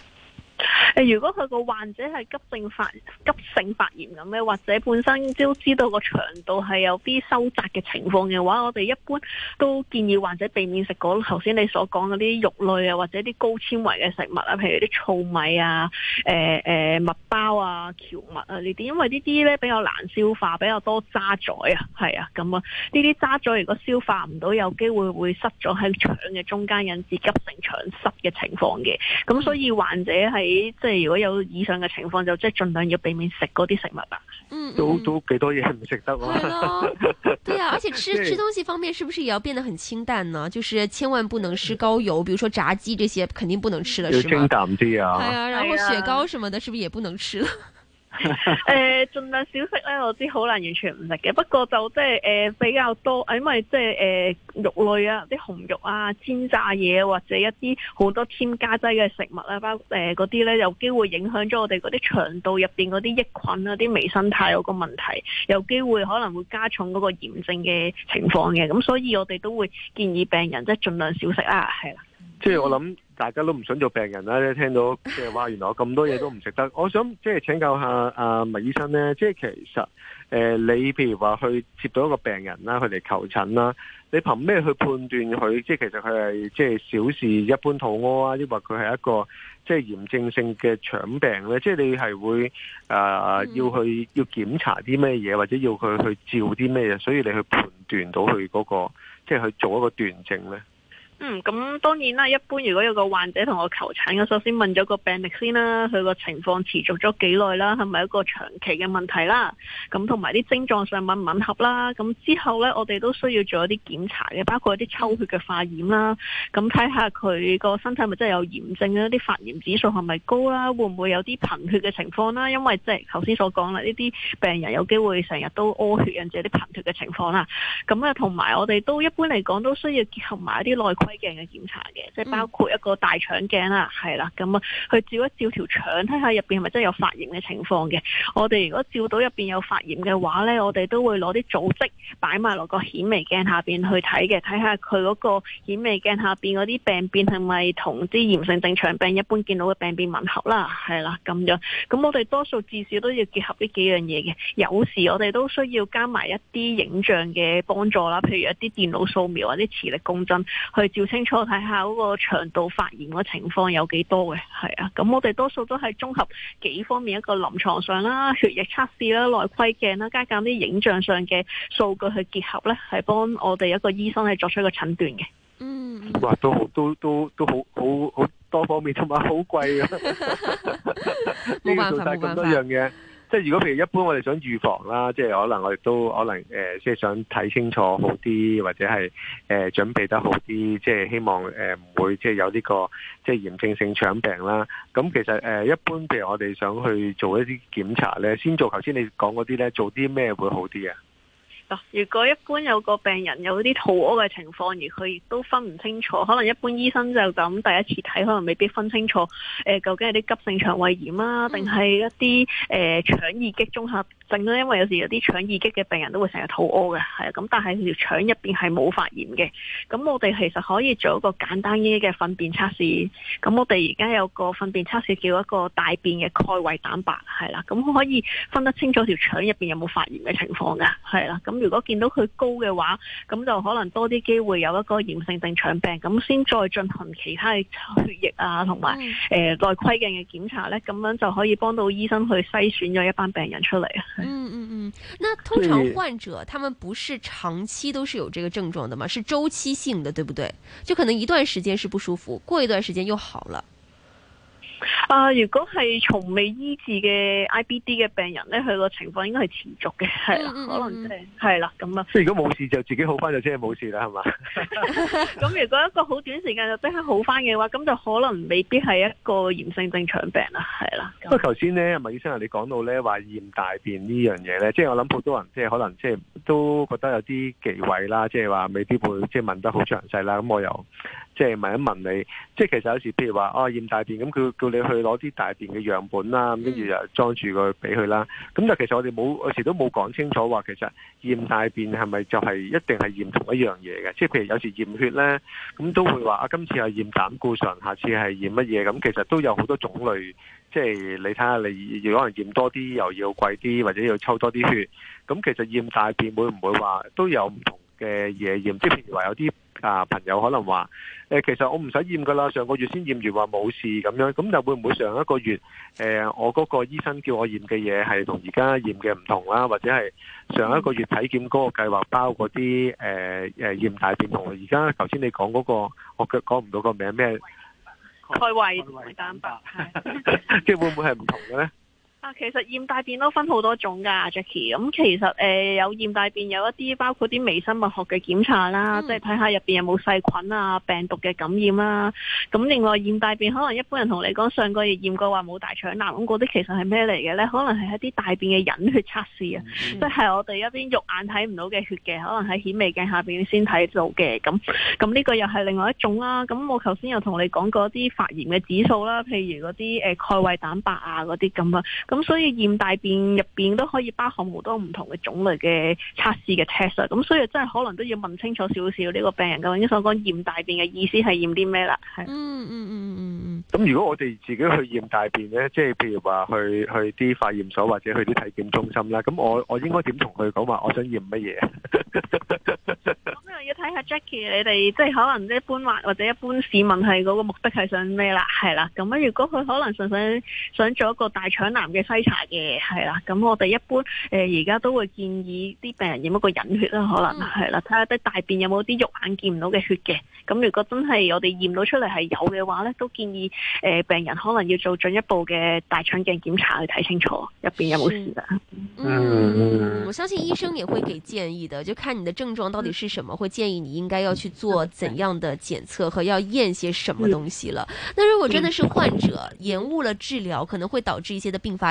如果佢個患者係急性發急性發炎咁咧，或者本身都知道個腸道係有啲收窄嘅情況嘅話，我哋一般都建議患者避免食嗰頭先你所講嗰啲肉類啊，或者啲高纖維嘅食物啊，譬如啲糙米啊、誒誒麥包啊、蕎麥啊呢啲，因為這些呢啲咧比較難消化，比較多渣滓啊，係啊咁啊，呢啲渣滓如果消化唔到，有機會會塞咗喺腸嘅中間，引致急性腸塞嘅情況嘅。咁所以患者係。即係如果有以上嘅情況，就即係盡量要避免食嗰啲食物啊。嗯，嗯都都幾多嘢唔食得。係咯，對啊。對 而且吃吃東西方面，是不是也要變得很清淡呢？就是千萬不能吃高油，比如說炸雞這些肯定不能吃了，是嘛？清淡啲啊。係、哎、啊，然後雪糕什麼的，是不是也不能吃了？ 誒、 呃，盡量少食咧，我知好難完全唔食嘅。不過就即係誒比較多，因為即係誒肉類啊，啲紅肉啊，煎炸嘢、啊、或者一啲好多添加劑嘅食物啦、啊，包括嗰啲咧，有機會影響咗我哋嗰啲腸道入邊嗰啲益菌啊，啲微生態嗰個問題，有機會可能會加重嗰個炎症嘅情況嘅。咁所以我哋都會建議病人即係盡量少食啊，係啦。嗯、即係我諗，大家都唔想做病人啦。聽到即係話，原來我咁多嘢都唔食得。我想即係請教下阿、啊、麥醫生呢，即係其實誒、呃，你譬如話去接到一個病人啦，佢嚟求診啦，你憑咩去判斷佢？即係其實佢係即係小事一般肚屙啊，抑或佢係一個即係炎症性嘅腸病呢？即係你係會誒、呃、要去要檢查啲咩嘢，或者要佢去照啲咩嘢？所以你去判斷到佢嗰、那個，即係去做一個斷症呢。嗯，咁當然啦。一般如果有個患者同我求診，我首先問咗個病歷先啦，佢個情況持續咗幾耐啦，係咪一個長期嘅問題啦。咁同埋啲症狀上吻唔吻合啦。咁之後呢，我哋都需要做一啲檢查嘅，包括一啲抽血嘅化驗啦，咁睇下佢個身體係咪真係有炎症啊？啲發炎指數係咪高啦？會唔會有啲貧血嘅情況啦？因為即係頭先所講啦，呢啲病人有機會成日都屙血，引致啲貧血嘅情況啦。咁咧，同埋我哋都一般嚟講都需要結合埋一啲內鏡嘅檢查嘅，即係包括一個大腸鏡啦，係啦，咁啊，去照一照條腸，睇下入邊係咪真係有發炎嘅情況嘅。我哋如果照到入邊有發炎嘅話呢，我哋都會攞啲組織擺埋落個顯微鏡下邊去睇嘅，睇下佢嗰個顯微鏡下邊嗰啲病變係咪同啲炎症性腸病一般見到嘅病變吻合啦，係啦，咁樣。咁我哋多數至少都要結合呢幾樣嘢嘅，有時我哋都需要加埋一啲影像嘅幫助啦，譬如一啲電腦掃描或者磁力共振去要清楚睇下嗰個腸道發炎嘅情況有幾多嘅，係啊，咁我哋多數都係綜合幾方面一個臨床上啦、血液測試啦、內窺鏡啦，加減啲影像上嘅數據去結合咧，係幫我哋一個醫生係作出一個診斷嘅。嗯，哇，都都都都，都好好，好多方面，同埋好貴啊！呢 辦法、 這個做晒咁多樣嘢。即係如果譬如一般我哋想預防啦，即係可能我哋都可能誒，即係想睇清楚好啲，或者係誒準備得好啲，即係希望誒唔會即係有呢個即係炎症性腸病啦。咁其實誒一般譬如我哋想去做一啲檢查咧，先做頭先你講嗰啲咧，做啲咩會好啲啊？如果一般有個病人有啲肚屙嘅情況，而佢亦都分唔清楚，可能一般醫生就咁第一次睇，可能未必分清楚，呃、究竟係啲急性腸胃炎啊，定係一啲誒、呃、腸易激綜合症啦，因為有時有啲腸易激嘅病人都會成日肚屙嘅，係啊，咁但係條腸入邊係冇發炎嘅。咁我哋其實可以做一個簡單啲嘅糞便測試。咁我哋而家有個糞便測試叫一個大便嘅鈣衛蛋白，係啦，咁可以分得清楚條腸入邊有冇發炎嘅情況嘅，係啦，咁。如果見到佢高嘅話，咁就可能多啲機會有一個炎症性腸病，咁先再進行其他嘅抽血液啊，同埋誒內窺鏡嘅檢查咧，咁樣就可以幫到醫生去篩選咗一班病人出嚟。嗯嗯嗯，那通常患者他們不是長期都是有這個症狀的嘛，是周期性的，對不對？就可能一段時間是不舒服，過一段時間又好了。啊、呃！如果係從未醫治嘅 IBD 嘅病人咧，佢個情況應該係持續嘅，係啦，可能係啦，咁啊。即係如果冇事就自己好翻就即係冇事啦，係嘛？咁 如果一個好短時間就即刻好翻嘅話，咁就可能未必係一個炎症性腸病啦，係啦。不過頭先咧，麥醫生啊，你講到咧話驗大便這件事呢樣嘢咧，即、就、係、是、我諗好多人即係可能即係都覺得有啲忌諱啦，即係話未必會即係問得好詳細啦。咁我又。即係問一問你，即係其實有時譬如話啊驗大便，咁佢叫你去攞啲大便嘅樣本啦，咁跟住就裝住佢俾佢啦。咁但係其實我哋冇有時都冇講清楚話，其實驗大便係咪就係一定係驗同一樣嘢嘅？即係譬如有時驗血咧，咁都會話啊今次係驗膽固醇，下次係驗乜嘢？咁其實都有好多種類。即係你睇下你要可能驗多啲，又要貴啲，或者要抽多啲血。咁其實驗大便會唔會話都有唔同嘅嘢驗？即係譬如話有啲。啊！朋友可能話誒、呃，其實我唔使驗噶啦，上個月先驗完話冇事咁樣，咁就會唔會上一個月？誒、呃，我嗰個醫生叫我驗嘅嘢係同而家驗嘅唔同啦，或者係上一個月體檢嗰個計劃包嗰啲誒誒驗大便同而家頭先你講嗰、嗰個，我講講唔到嗰個名咩？鈣衛蛋白，即係 會唔會係唔同嘅咧？啊，其實驗大便都分好多種㗎，Jacky。咁、嗯、其實誒、呃、有驗大便有一啲，包括啲微生物學嘅檢查啦，嗯、即係睇下入面有冇細菌啊、病毒嘅感染啦、啊。咁另外驗大便可能一般人同你講上個月驗過話冇大腸癌，咁嗰啲其實係咩嚟嘅呢？可能係一啲大便嘅隱血測試啊，即、嗯、係、嗯嗯就是、我哋一邊肉眼睇唔到嘅血嘅，可能喺顯微鏡下面先睇到嘅。咁咁呢個又係另外一種啦、啊。咁我頭先又同你講過啲發炎嘅指數啦、啊，譬如嗰啲誒鈣胃蛋白啊嗰啲咁啊。咁所以驗大便入面都可以包含好多唔同嘅種類嘅測試嘅 test 啊，咁所以真係可能都要問清楚少少呢個病人究竟所講驗大便嘅意思係驗啲咩啦？係，嗯嗯嗯嗯，咁如果我哋自己去驗大便咧，即係譬如話去去啲化驗所或者去啲體檢中心啦，咁我我應該點同佢講話？我想驗乜嘢？咁 又要睇下 Jackie 你哋，即係可能一般或或者一般市民係嗰個目的係想咩啦？係啦，咁啊如果佢可能想想想做一個大腸癌嘅。篩查嘅係啦，咁我哋一般誒而家都會建議啲病人做一個引血啦，可能係啦，睇下啲大便有冇啲肉眼見唔到嘅血嘅。咁如果真係我哋驗到出嚟係有嘅話咧，都建議誒病人可能要做進一步嘅大腸鏡檢查去睇清楚入邊有冇事。嗯，我相信醫生也會給建議的，就看你的症狀到底是什麼，會建議你應該要去做怎樣的檢測和要驗些什麼東西了。那如果真的是患者延誤了治療，可能會導致一些的併發。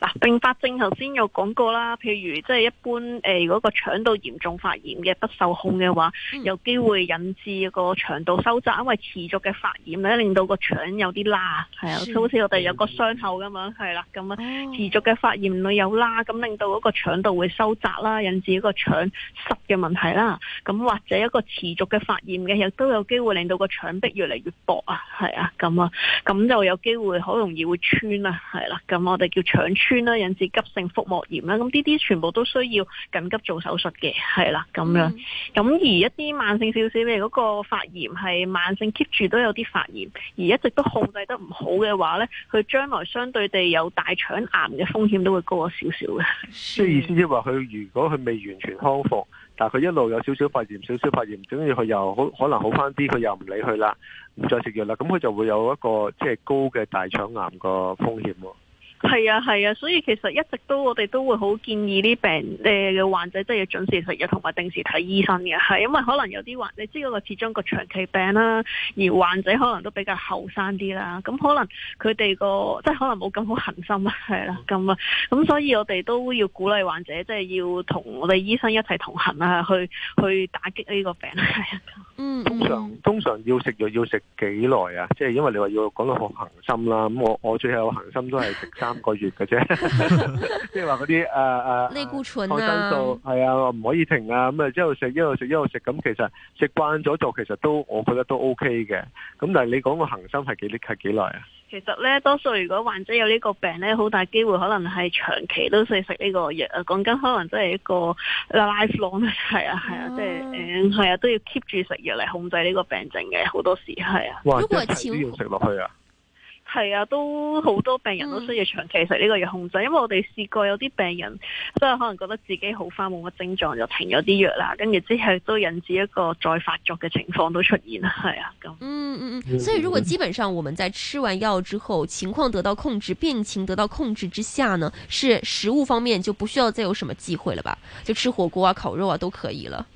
嗱，併發症頭先有講過啦，譬如即係一般誒，如果個腸道嚴重發炎嘅不受控嘅話，有機會引致個腸道收窄，因為持續嘅發炎咧，令到腸點個腸有啲拉，係啊，好似我哋有個傷口咁樣，係啦，咁啊持續嘅發炎裏有拉，咁令到嗰個腸道會收窄啦，引致個腸塞嘅問題啦，咁或者一個持續嘅發炎嘅，亦都有機會令到個腸壁越嚟越薄啊，係啊，咁啊，咁就有機會好容易會穿啊，係啦，咁我哋叫腸穿啦，引致急性腹膜炎啦，咁呢啲全部都需要緊急做手術嘅，係啦咁樣。咁、嗯、而一啲慢性少少，嘅嗰個發炎係慢性 keep 住都有啲發炎，而一直都控制得唔好嘅話呢，佢將來相對地有大腸癌嘅風險都會高咗少少嘅。即、嗯、係意思即係話，佢如果佢未完全康復，但係佢一路有少少發炎、少少發炎，終於佢又好可能好翻啲，佢又唔理佢啦，唔再食藥啦，咁佢就會有一個即係高嘅大腸癌個風險。係啊，係啊，所以其實一直都我哋都會好建議啲病誒嘅，呃、患者，真係要準時食藥同埋定時睇醫生嘅，係因為可能有啲患者知嗰個始終個長期病啦，啊，而患者可能都比較後生啲啦，咁可能佢哋個即係可能冇咁好恒心係啦，咁啊，咁所以我哋都要鼓勵患者，即，就，係，是，要同我哋醫生一齊同行啊，去去打擊呢個病。啊、嗯嗯，通常通常要食藥要食幾耐啊？即係因為你話要講到好恒心啦，啊，咁我我最後恒心都係食三三個月嘅啫，即係話嗰啲誒誒抗生素係啊，唔可以停啊，咁啊一路食一路食一路食，咁其實食慣咗就其實都我覺得都 OK 嘅。咁但係你講個恒心係幾呢？係幾耐啊？其實咧，多數如果患者有呢個病咧，好大機會可能係長期都需要食呢個藥。講緊可能真係一個 life long 係啊係啊，即係誒係啊，啊都要 keep 住食藥嚟控制呢個病症嘅，好多時係啊。如果係要食落去啊？係啊，都好多病人都需要長期食呢個藥控制，嗯，因為我哋試過有啲病人都係可能覺得自己好翻，冇乜症狀就停咗啲藥啦，跟住之後都引致一個再發作嘅情況都出現啦，係啊，咁嗯嗯嗯，所以如果基本上我們在吃完藥之後，情況得到控制，病情得到控制之下呢，是食物方面就不需要再有什麼忌諱了吧？就吃火鍋啊、烤肉啊都可以了。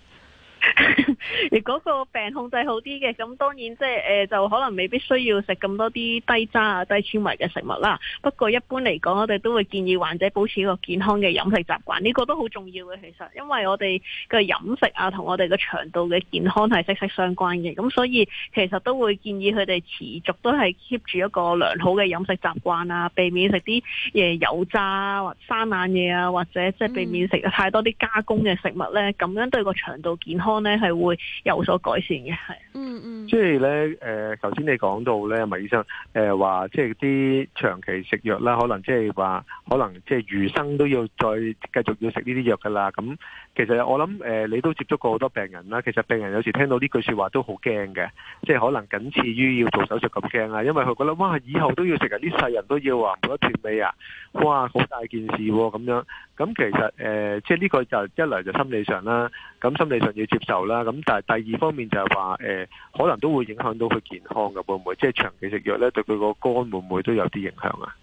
如果個病控制好啲嘅，咁當然即係誒，就可能未必需要食咁多啲低渣啊、低纖維嘅食物啦。不過一般嚟講，我哋都會建議患者保持一個健康嘅飲食習慣，呢個都好重要嘅。其實，因為我哋嘅飲食啊，同我哋嘅腸道嘅健康係息息相關嘅。咁所以其實都會建議佢哋持續都係 keep 住一個良好嘅飲食習慣啊，避免食啲誒油渣啊、生冷嘢啊，或者即係避免食太多啲加工嘅食物咧，咁樣對個腸道健康咧係會。有所改善嘅係，嗯嗯，即係咧，誒，頭先你講到咧，麥醫生，誒，話即係啲長期食藥啦，可能即係話，可能即係餘生都要再繼續要食呢啲藥噶啦。咁其實我諗，誒，你都接觸過好多病人啦。其實病人有時聽到呢句說話都好驚嘅，即係可能僅次於要做手術咁驚啊。因為佢覺得哇，以後都要食啊，呢世人都要啊，冇得斷尾啊，哇，好大件事咁樣。咁其實誒，即係呢個就一嚟就心理上啦，咁心理上要接受啦，咁。但係第二方面就係話，誒、呃、可能都會影響到佢健康㗎，會唔會即係長期食藥咧，對佢個肝會唔會都有啲影響啊？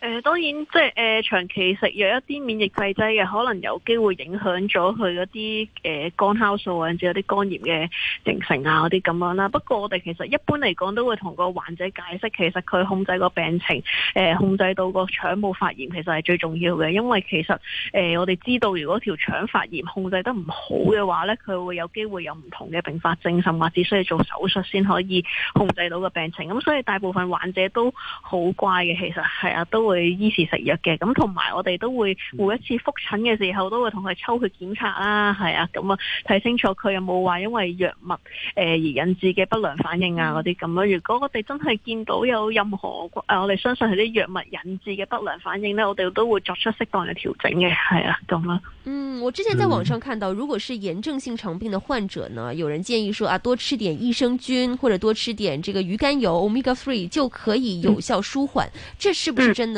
誒、呃，當然即係誒，長期食藥一啲免疫製劑，嘅，可能有機會影響咗佢嗰啲誒肝酵素或者有啲肝炎嘅形成啊，嗰啲咁樣啦。不過我哋其實一般嚟講都會同個患者解釋，其實佢控制個病情，誒、呃、控制到個腸冇發炎，其實係最重要嘅。因為其實誒、呃、我哋知道，如果條腸發炎控制得唔好嘅話咧，佢會有機會有唔同嘅併發症，甚至需要做手術先可以控制到個病情。咁、呃、所以大部分患者都好乖嘅，其實係啊都。會依時食藥嘅，咁同埋我哋都會每一次複診嘅時候都會同佢抽血檢查啦，係啊，咁啊睇清楚佢有冇話因為藥物誒而引致嘅不良反應啊嗰啲咁啊。如果我哋真係見到有任何誒，我哋相信係啲藥物引致嘅不良反應呢，我哋都會作出適當嘅調整嘅，係啊，咁咯。嗯，我之前在網上看到，如果是炎症性腸病嘅患者呢，有人建議說啊，多吃點益生菌或者多吃點這個魚肝油、omega three 就可以有效舒緩，這是不是真的？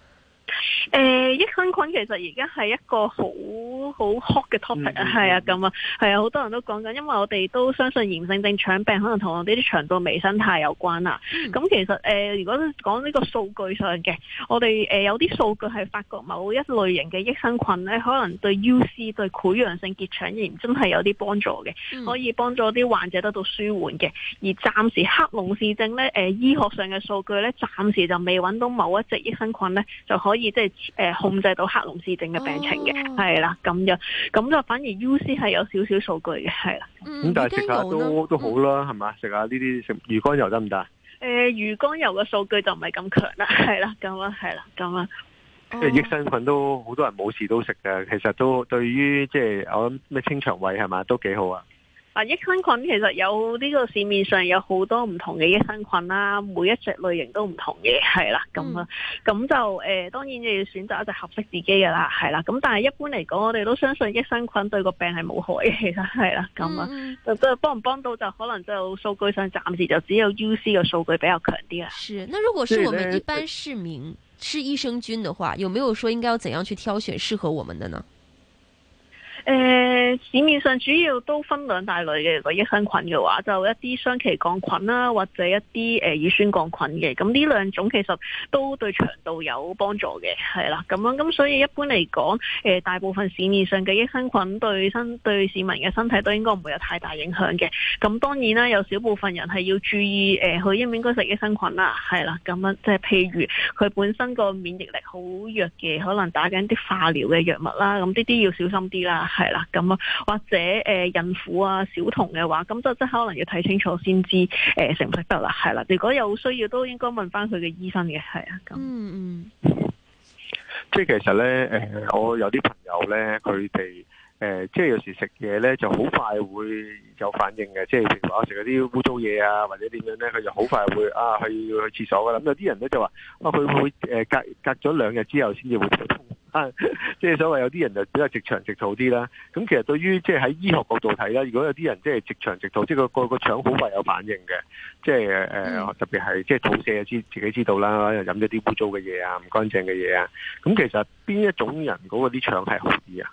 呃、益生菌其實而家係一個好好 hot 嘅 topic 啊，係、嗯、啊，咁、嗯、啊，係啊，好多人都講緊，因為我哋都相信炎症性腸病可能同我哋啲腸道微生態有關啦。咁、嗯嗯、其實誒、呃，如果講呢個數據上嘅，我哋誒、呃、有啲數據係發覺某一類型嘅益生菌咧，可能對 U C、對潰瘍性結腸炎真係有啲幫助嘅，可以幫助啲患者得到舒緩嘅。而暫時克隆氏症咧，誒、呃，醫學上嘅數據咧，暫時就未揾到某一隻益生菌咧就可以。即係誒、呃，控制到克隆氏症嘅病情嘅，係、啊、啦，咁樣咁就反而 U C 係有少少數據嘅，係啦。咁、嗯、但係食下都、嗯、都好啦，係嘛？食下呢啲食魚肝油得唔得？誒，魚肝油嘅數、呃、據就唔係咁強啦，係啦，咁啊，係啦，咁啊，即、嗯、係益生菌都好多人冇事都食嘅，其實都對於即係我諗咩清腸胃係咪？都幾好啊。益生菌其實有呢個，市面上有好多唔同嘅益生菌啦，每一隻類型都唔同嘅，係啦，咁啊，咁、嗯、就誒、呃，當然你要選擇一隻合適自己嘅啦，係啦，咁但係一般嚟講，我哋都相信益生菌對個病係冇害嘅，其實係啦咁啊，嗯、就即係幫唔幫到就可能就數據上暫時就只有 UC 嘅數據比較強啲啦。是，那如果是我們一般市民吃益生菌的話，有沒有說應該要怎樣去挑選適合我們的呢？誒，市面上主要都分兩大類嘅個益生菌嘅話，就一啲雙歧杆菌啦、啊，或者一啲誒乳酸杆菌嘅，咁呢兩種其實都對腸道有幫助嘅，係啦，咁樣咁所以一般嚟講，誒、呃、大部分市面上嘅益生菌對身對市民嘅身體都應該唔會有太大影響嘅。咁當然啦，有少部分人係要注意，誒、呃、佢應唔應該食益生菌啦，係啦，咁樣即係譬如佢本身個免疫力好弱嘅，可能打緊啲化療嘅藥物啦，咁呢啲要小心啲啦。係啦，咁啊，或者誒孕婦啊、小童嘅話，咁即即可能要睇清楚先知誒食唔食得啦。係啦，如果有需要都應該問翻佢嘅醫生嘅，係啊。咁嗯嗯。即係其實咧，誒，我有啲朋友咧，佢哋誒，即係有時食嘢咧，就好快會有反應嘅。即係譬如話食嗰啲污糟嘢啊，或者點樣咧，佢就好快會啊去去廁所噶啦。咁有啲人咧就話，啊佢會誒隔隔咗兩日之後先至會。即 係所謂有啲人就比較直腸直肚啲啦。咁其實對於即係喺醫學角度睇啦，如果有啲人即係直腸直肚，即係個個個腸好快有反應嘅，即係誒特別係即係肚瀉，知、即係、自己知道啦，又飲咗啲污糟嘅嘢啊，唔乾淨嘅嘢啊。咁其實邊一種人嗰個啲腸係好啲啊？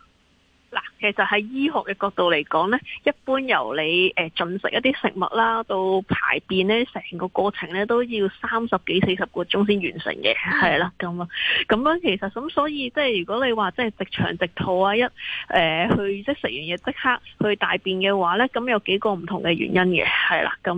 其實喺醫學嘅角度嚟講咧，一般由你誒、呃、進食一啲食物啦，到排便咧，成個過程咧都要三十幾四十個鐘先完成嘅，係啦，咁、嗯、啊，咁、嗯、樣、嗯嗯、其實咁所以即係如果你話即係直腸直肚啊，一誒、呃、去即食完嘢即刻去大便嘅話咧，咁有幾個唔同嘅原因嘅，係啦，咁、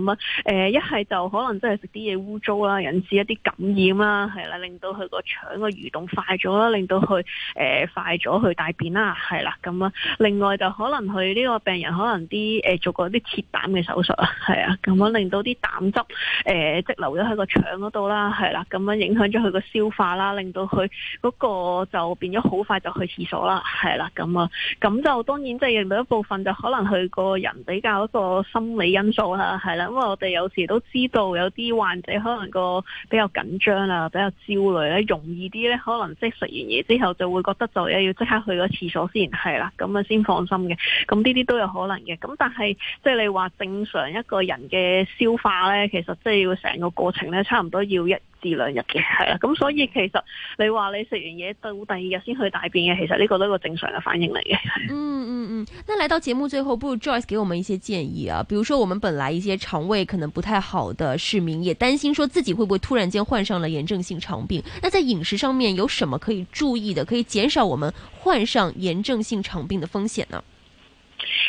嗯、啊，誒一係就可能即係食啲嘢污糟啦，引致一啲感染啦，係啦，令到佢個腸個蠕動快咗啦，令到佢誒、呃、快咗去大便啦，係啦，咁、嗯、啊。嗯另外就可能佢呢個病人可能啲誒、呃、做過啲切膽嘅手術啊，係啊，咁樣令到啲膽汁誒積、呃、留咗喺個腸嗰度啦，係啦，咁樣影響咗佢個消化啦，令到佢嗰個就變咗好快就去廁所啦，係啦，咁啊，咁就當然即係另一部分就可能佢個人比較一個心理因素啦，係啦，因為我哋有時都知道有啲患者可能個比較緊張啦，比較焦慮咧，容易啲咧，可能即係食完嘢之後就會覺得就咧要即刻去個廁所先係啦。是咁啊，先放心嘅。咁呢啲都有可能嘅。咁但係，即係你話正常一個人嘅消化呢，其實即係要成個過程呢，差唔多要一二兩日嘅，係啦，咁所以其實你話你食完嘢，到第二日先去大便嘅，其實呢個都係一個正常嘅反應嚟嘅。嗯嗯嗯，那嚟到節目最後，不如 Joyce 給我們一些建議啊，比如說我們本來一些腸胃可能不太好的市民，也擔心說自己會不會突然間患上了炎症性腸病，那在飲食上面有什麼可以注意的，可以減少我們患上炎症性腸病的風險呢？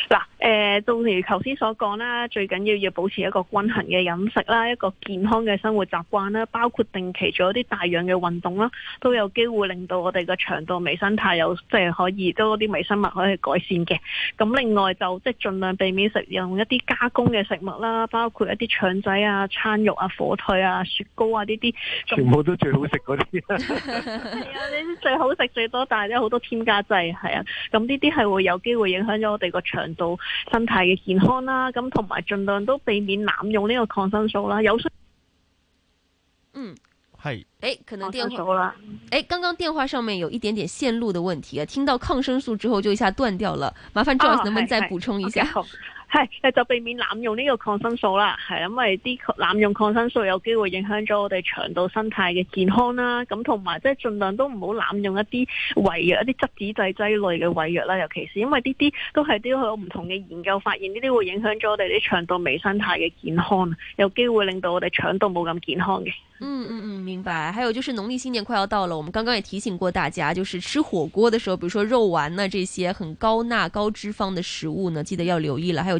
嗱，誒，到如頭先所講啦，最緊要要保持一個均衡嘅飲食啦，一個健康嘅生活習慣啦，包括定期做一啲大量嘅運動啦，都有機會令到我哋個腸道微生態有即係、就是、可以多啲微生物可以改善嘅。咁另外就即係盡量避免食用一啲加工嘅食物啦，包括一啲腸仔啊、餐肉啊、火腿啊、雪糕啊呢啲，全部都最好食嗰啲。係啊，你啲最好食最多，但係咧好多添加劑，係啊，咁呢啲係會有機會影響咗我哋個腸。到身體嘅健康啦，咁同埋盡量都避免濫用呢個抗生素啦。有需，嗯，係，誒，可能電話，誒，剛剛電話上面有一點點線路嘅問題啊，聽到抗生素之後就一下斷掉了，麻煩 Joyce 能不能再補充一下？哦係，就避免濫用呢個抗生素啦。係，因為啲濫用抗生素有機會影響咗我哋腸道生態嘅健康啦。咁同埋，即係盡量都唔好濫用一啲胃藥、一啲質子製劑類嘅胃藥啦。尤其是因為呢啲都係啲有唔同嘅研究發現，呢啲會影響咗我哋啲腸道微生態嘅健康，有機會令到我哋腸道冇咁健康嘅。嗯嗯嗯，明白。還有就是農曆新年快要到了，我們剛剛也提醒過大家，就是吃火鍋嘅時候，比如說肉丸呢，這些很高鈉、高脂肪的食物呢，記得要留意啦。還有。